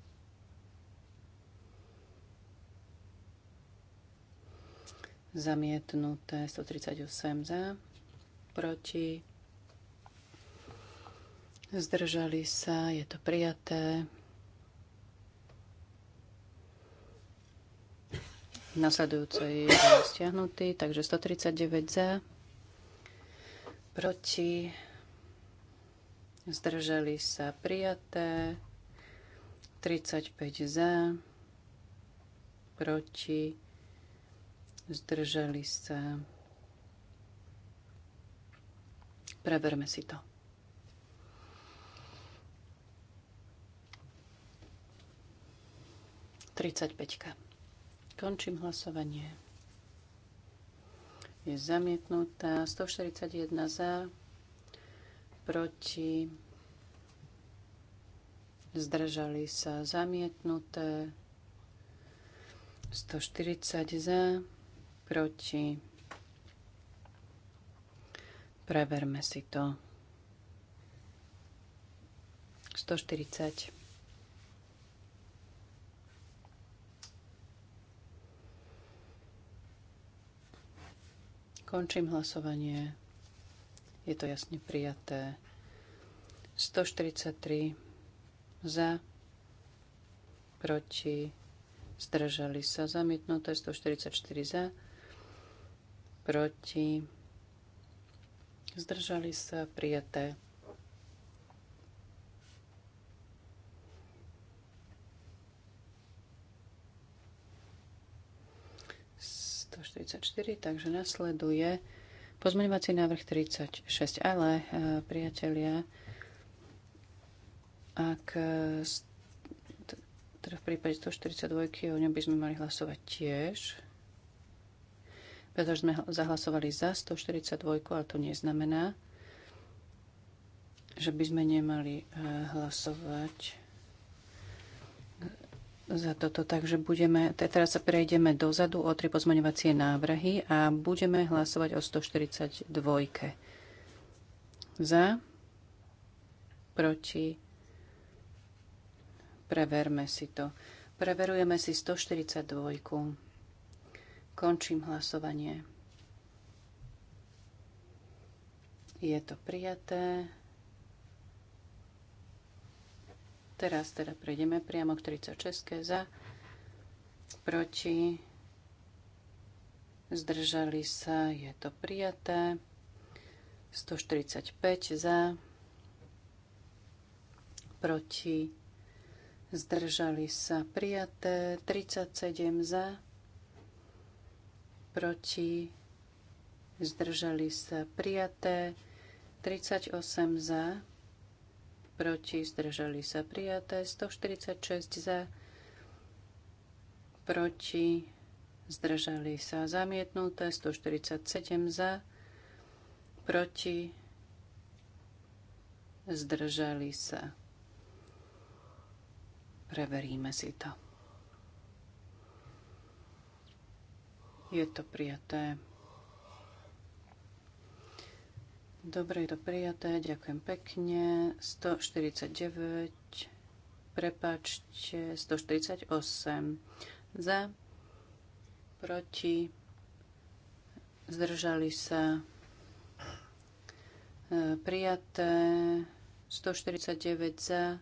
Zamietnuté 138 za, proti, zdržali sa, je to prijaté. nasledujúce je stiahnutý, takže 139 za, proti, zdržali sa prijaté, 35 za, proti, zdržali sa. Preberme si to. Tridsaťpäťka. Končím hlasovanie. Je zamietnutá. 141 za, proti, zdržali sa zamietnuté. 140 za, proti. Preverme si to. 140. Končím hlasovanie. Je to jasne prijaté. 143 za, proti, zdržali sa zamietnuté, 144 za, proti, zdržali sa prijaté. 44, takže nasleduje pozmeňovací návrh 36. Ale, eh, priatelia, ak eh, teda v prípade 142 o ňom by sme mali hlasovať tiež, pretože sme zahlasovali za 142, ale to neznamená, že by sme nemali eh, hlasovať za toto. Takže budeme, teraz sa prejdeme dozadu o tri pozmeňovacie návrhy a budeme hlasovať o 142. Za, proti, preverme si to. Preverujeme si 142. Končím hlasovanie. Je to prijaté. Teraz teda prejdeme priamo k 36. za, proti, zdržali sa, je to prijaté. 145 za, proti, zdržali sa, prijaté. 37 za, proti, zdržali sa, prijaté. 38 za, proti, zdržali sa prijaté, 146 za, proti, zdržali sa zamietnuté, 147 za, proti, zdržali sa. Preveríme si to. Je to prijaté. Dobre, je to prijaté. Ďakujem pekne. 149. Prepačte. 148. Za. Proti. Zdržali sa. E, prijaté. 149 za.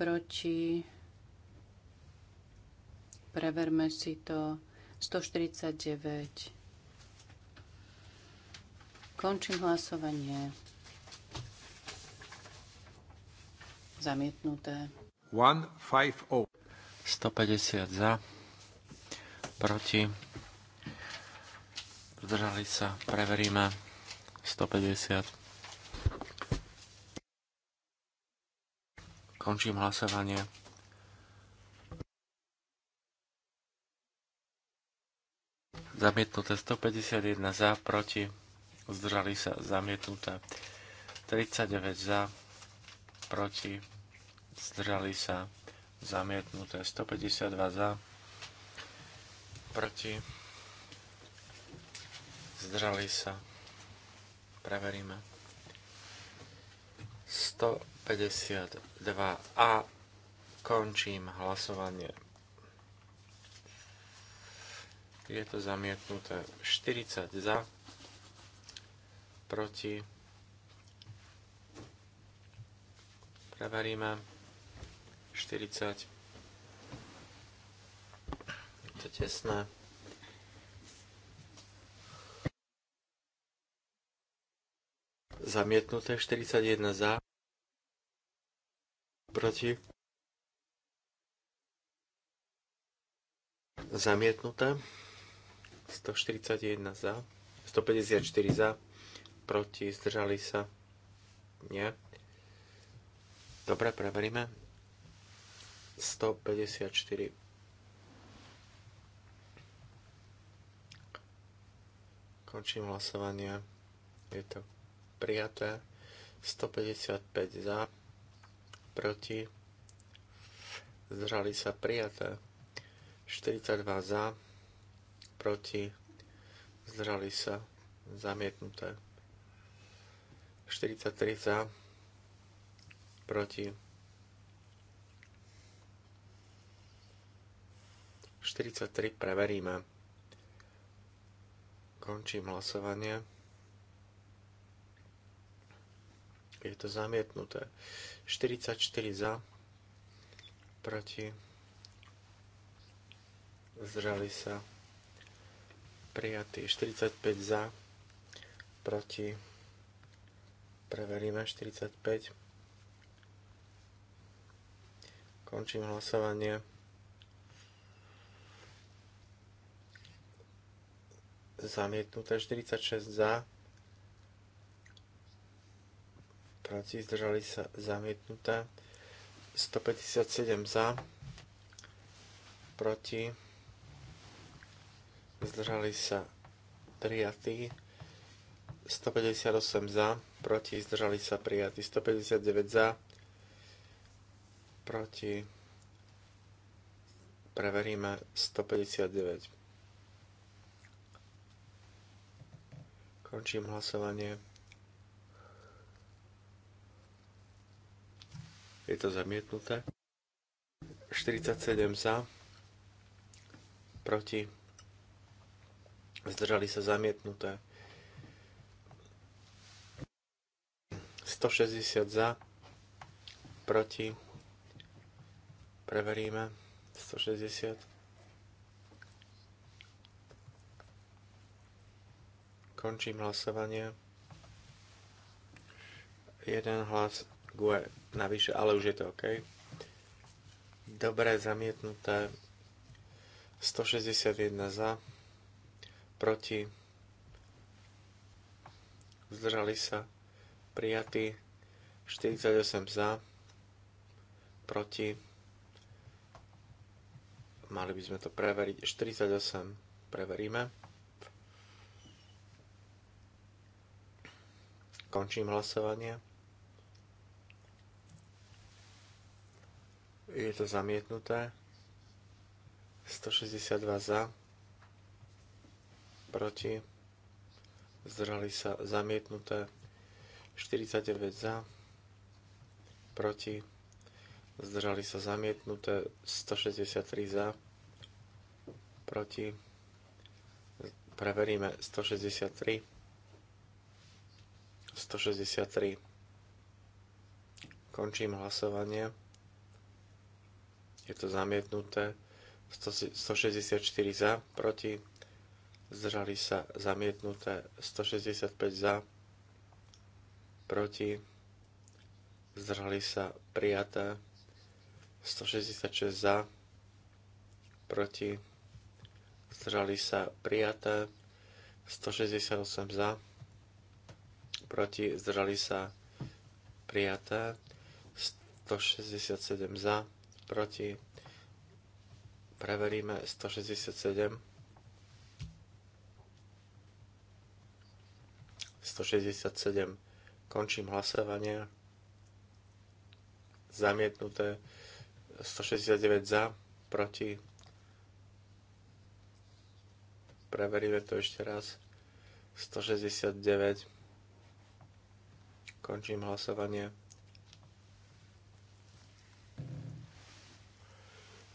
Proti. Preverme si to. 149. Končím hlasovanie. Zamietnuté. 150. 150 za. Proti. Zdržali sa. Preveríme. 150. Končím hlasovanie. Zamietnuté 151 za, proti zdržali sa zamietnuté. 39 za, proti, zdržali sa zamietnuté. 152 za, proti, zdržali sa. Preveríme. 152 a končím hlasovanie. Je to zamietnuté 40 za, proti. Prevaríme. 40. Je to tesné. Zamietnuté 41 za. Proti. Zamietnuté 141 za. 154 za proti, zdržali sa. Nie. Dobre, preveríme. 154. Končím hlasovanie. Je to prijaté. 155 za, proti, zdržali sa prijaté. 42 za, proti, zdržali sa zamietnuté. 43 za, proti 43 preveríme. Končím hlasovanie. Je to zamietnuté. 44 za, proti, zdrali sa, prijatý 45 za, proti, Preveríme 45. Končím hlasovanie. Zamietnuté 46 za. Proti zdržali sa zamietnuté. 157 za. Proti zdržali sa prijatí. 158 za proti, zdržali sa prijatí. 159 za, proti, preveríme 159. Končím hlasovanie. Je to zamietnuté. 47 za, proti, zdržali sa zamietnuté. 160 za, proti, preveríme, 160. Končím hlasovanie. Jeden hlas GUE navyše, ale už je to OK. Dobre, zamietnuté. 161 za, proti, zdržali sa prijatý, 48 za, proti, mali by sme to preveriť, 48 preveríme. Končím hlasovanie. Je to zamietnuté. 162 za, proti, zdrali sa zamietnuté 49 za, proti, zdržali sa zamietnuté, 163 za, proti, preveríme 163, 163, končím hlasovanie, je to zamietnuté, 164 za, proti, zdržali sa zamietnuté, 165 za, proti, zdrhali sa prijaté, 166 za, proti, zdrhali sa prijaté, 168 za, proti, zdrhali sa prijaté, 167 za, proti, preveríme 167, 167 Končím hlasovanie. Zamietnuté 169 za, proti. Preveríme to ešte raz. 169. Končím hlasovanie.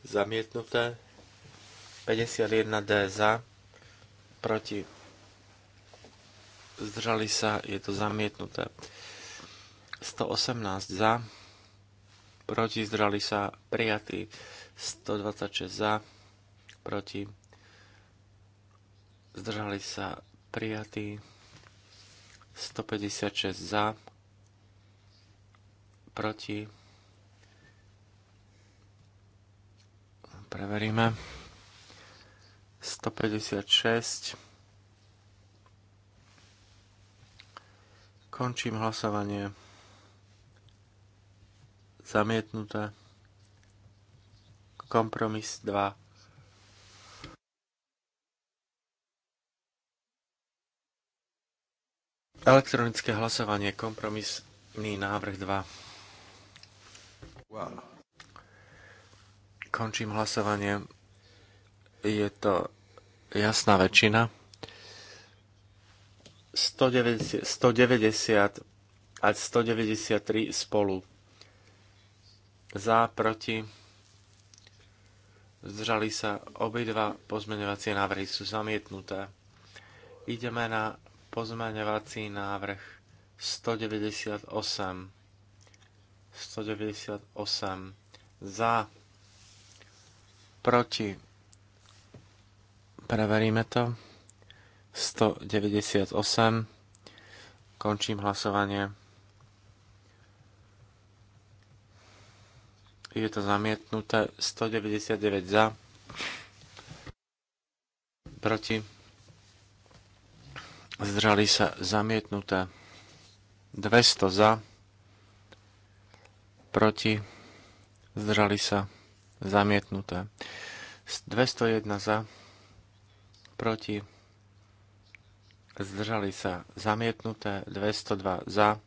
Zamietnuté. 51D za, proti zdržali sa, je to zamietnuté. 118 za, proti, zdržali sa, prijatý. 126 za, proti, zdržali sa, prijatý. 156 za, proti, preveríme. 156 Končím hlasovanie. Zamietnuté. Kompromis 2. Elektronické hlasovanie, kompromisný návrh 2. Wow. Končím hlasovanie. Je to jasná väčšina. 190, a 193 spolu. Za, proti. Zdržali sa obidva pozmeňovacie návrhy sú zamietnuté. Ideme na pozmeňovací návrh 198. 198. Za. Proti. Preveríme to. 198. Končím hlasovanie. Je to zamietnuté. 199 za. Proti. Zdrali sa zamietnuté. 200 za. Proti. Zdrali sa zamietnuté. 201 za. Proti zdržali sa zamietnuté, 202 za,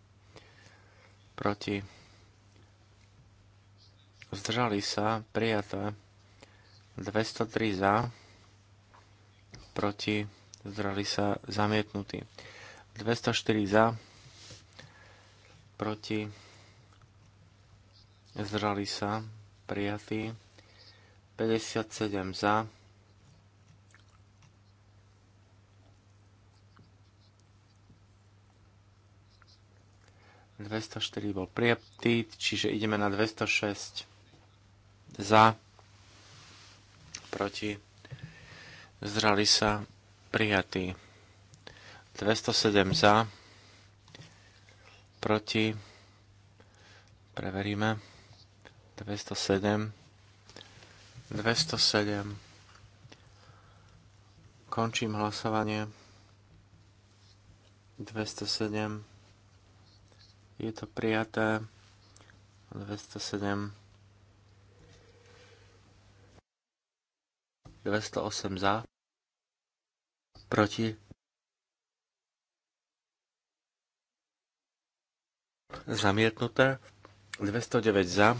proti, zdržali sa prijaté, 203 za, proti, zdržali sa zamietnutí, 204 za, proti, zdržali sa prijatí, 57 za, 204 bol prijatý, čiže ideme na 206 za, proti, zdrali sa, prijatý. 207 za, proti, preveríme, 207, 207, končím hlasovanie, 207, je to prijaté 207 208 za proti zamietnuté 209 za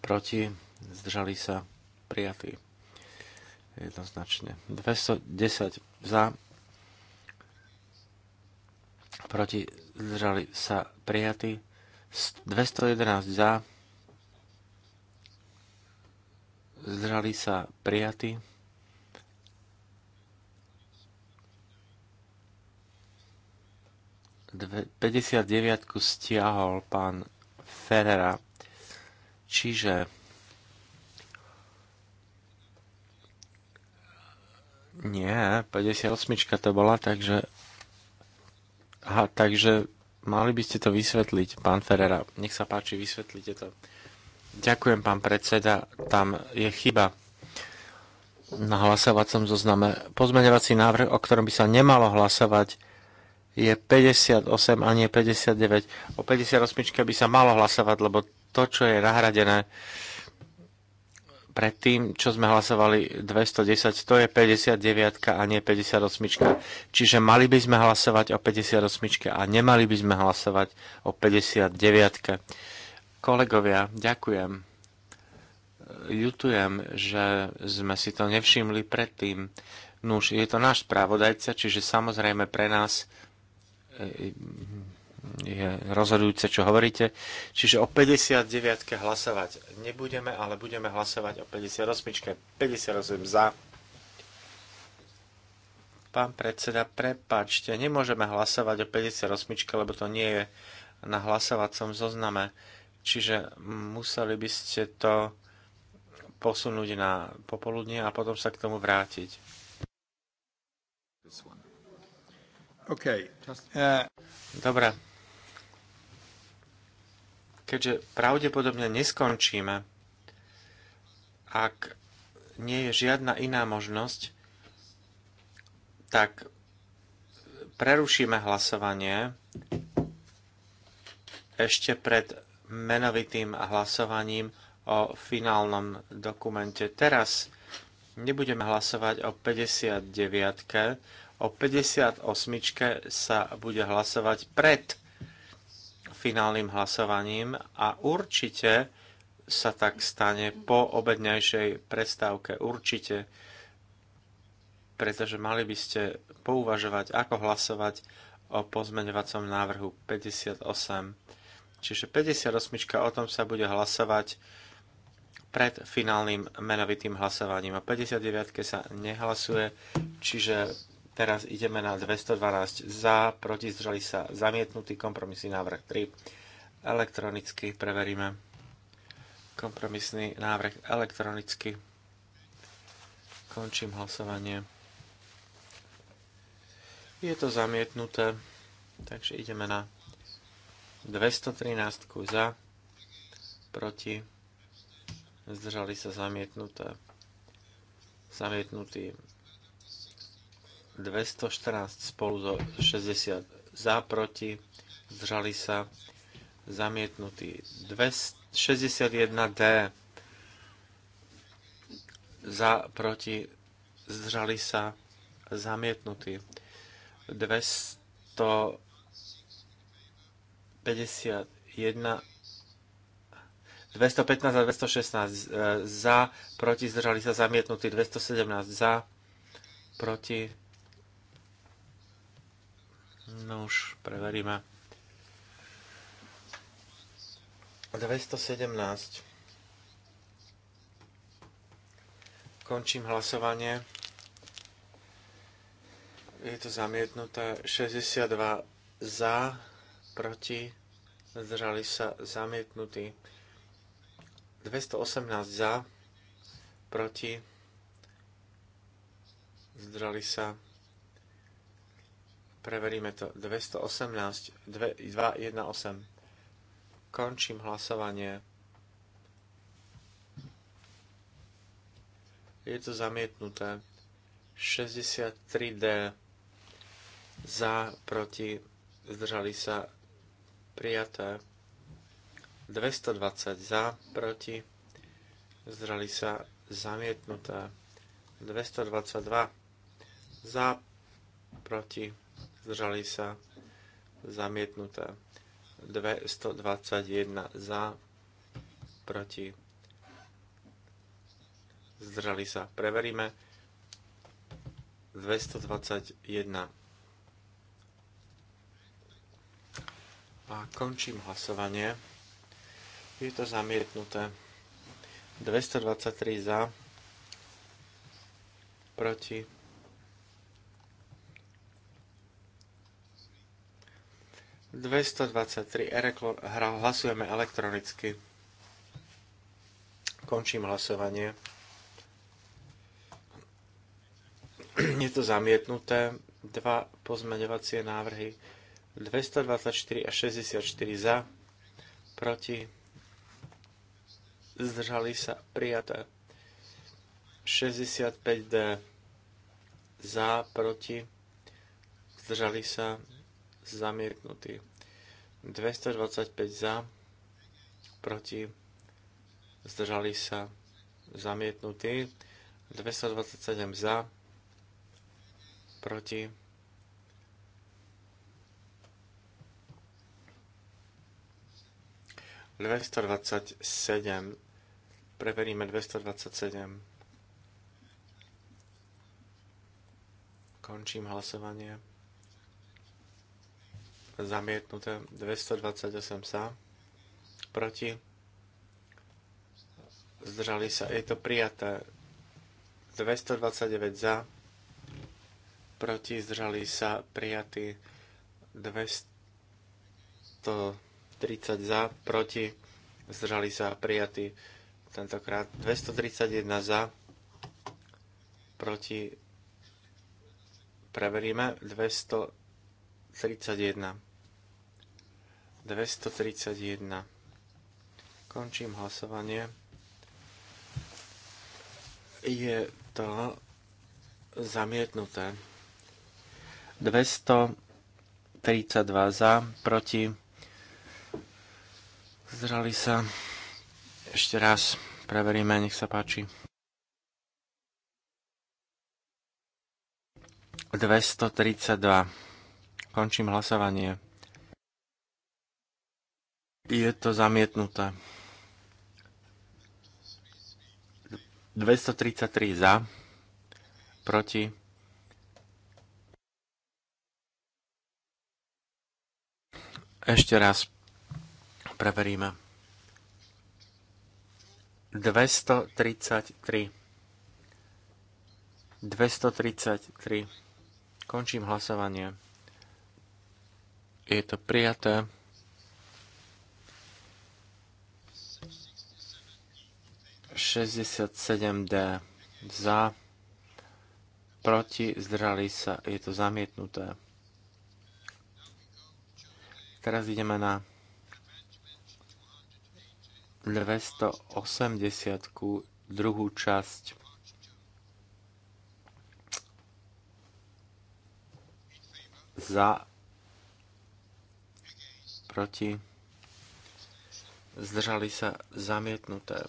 proti zdržali sa prijatí jednoznačne 210 za proti zdržali sa prijatí, 211 za, zdržali sa prijatí, 59 stiahol pán Ferrera, čiže nie, 58 to bola, takže Aha, takže mali by ste to vysvetliť, pán Ferrera. Nech sa páči, vysvetlite to. Ďakujem, pán predseda. Tam je chyba na hlasovacom zozname. Pozmeňovací návrh, o ktorom by sa nemalo hlasovať, je 58 a nie 59. O 58 by sa malo hlasovať, lebo to, čo je nahradené, predtým, čo sme hlasovali 210, to je 59 a nie 58. Čiže mali by sme hlasovať o 58 a nemali by sme hlasovať o 59. Kolegovia, ďakujem. Jutujem, že sme si to nevšimli predtým. Nuž, je to náš správodajca, čiže samozrejme pre nás e, je rozhodujúce, čo hovoríte. Čiže o 59 hlasovať nebudeme, ale budeme hlasovať o 58. 58 za. Pán predseda, prepačte, nemôžeme hlasovať o 58, lebo to nie je na hlasovacom zozname. Čiže museli by ste to posunúť na popoludne a potom sa k tomu vrátiť. Okay. Dobre keďže pravdepodobne neskončíme, ak nie je žiadna iná možnosť, tak prerušíme hlasovanie ešte pred menovitým hlasovaním o finálnom dokumente. Teraz nebudeme hlasovať o 59. -ke. O 58. sa bude hlasovať pred finálnym hlasovaním a určite sa tak stane po obednejšej prestávke. Určite. Pretože mali by ste pouvažovať, ako hlasovať o pozmeňovacom návrhu 58. Čiže 58. o tom sa bude hlasovať pred finálnym menovitým hlasovaním. O 59. sa nehlasuje, čiže Teraz ideme na 212 za, proti zdržali sa zamietnutý kompromisný návrh 3. Elektronicky preveríme kompromisný návrh elektronicky. Končím hlasovanie. Je to zamietnuté, takže ideme na 213 za, proti, zdržali sa zamietnuté, zamietnutý 214 spolu so 60 za, proti, zdržali sa, zamietnutý. 61D za, proti, zdržali sa, zamietnutý. 251 215 a 216 za, proti zdržali sa zamietnutí, 217 za, proti No už preveríme. 217. Končím hlasovanie. Je to zamietnuté 62 za, proti, zdržali sa zamietnutí. 218 za, proti, zdržali sa Preveríme to. 218, 218. Končím hlasovanie. Je to zamietnuté. 63D za, proti, zdržali sa, prijaté. 220 za, proti, zdržali sa, zamietnuté. 222 za, proti, zdržali sa, zamietnuté. 221 za, proti, zdržali sa. Preveríme. 221. A končím hlasovanie. Je to zamietnuté. 223 za, proti, 223 hlasujeme elektronicky. Končím hlasovanie. Je to zamietnuté. Dva pozmeňovacie návrhy. 224 a 64 za. Proti. Zdržali sa prijaté. 65D za, proti. Zdržali sa zamietnutý. 225 za, proti, zdržali sa, zamietnutý. 227 za, proti, ...227. Preveríme 227. Končím hlasovanie zamietnuté 228 sa, proti, zdržali sa, je to prijaté 229 za, proti, zdržali sa, prijatí 230 za, proti, zdržali sa, prijatí tentokrát 231 za, proti, preveríme 231. 231. Končím hlasovanie. Je to zamietnuté. 232 za, proti. Zdrali sa. Ešte raz preveríme, nech sa páči. 232. Končím hlasovanie. Je to zamietnuté. 233 za, proti. Ešte raz preveríme. 233. 233. Končím hlasovanie. Je to prijaté. 67D za, proti, zdržali sa, je to zamietnuté. Teraz ideme na 280 druhú časť. Za, proti, zdržali sa, zamietnuté.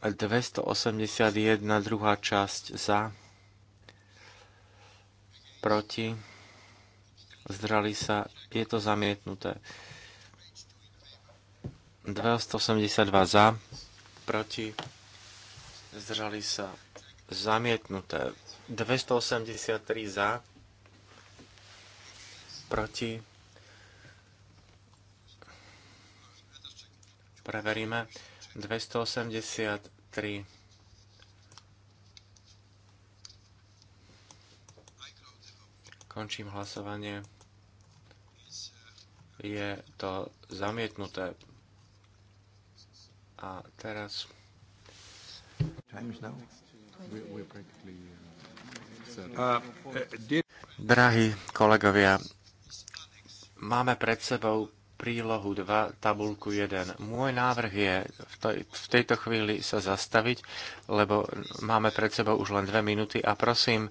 281 druhá časť za, proti, zdrali sa, je to zamietnuté. 282 za, proti, zdrali sa, zamietnuté. 283 za, proti, preveríme. 283. Končím hlasovanie. Je to zamietnuté. A teraz... Drahí kolegovia, máme pred sebou prílohu 2, tabulku 1. Môj návrh je v, tej, v tejto chvíli sa zastaviť, lebo máme pred sebou už len dve minúty a prosím, e,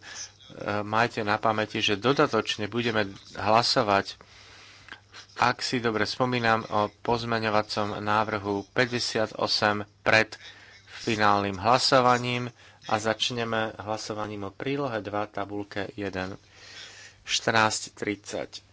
majte na pamäti, že dodatočne budeme hlasovať, ak si dobre spomínam, o pozmeňovacom návrhu 58 pred finálnym hlasovaním a začneme hlasovaním o prílohe 2, tabulke 1, 14.30.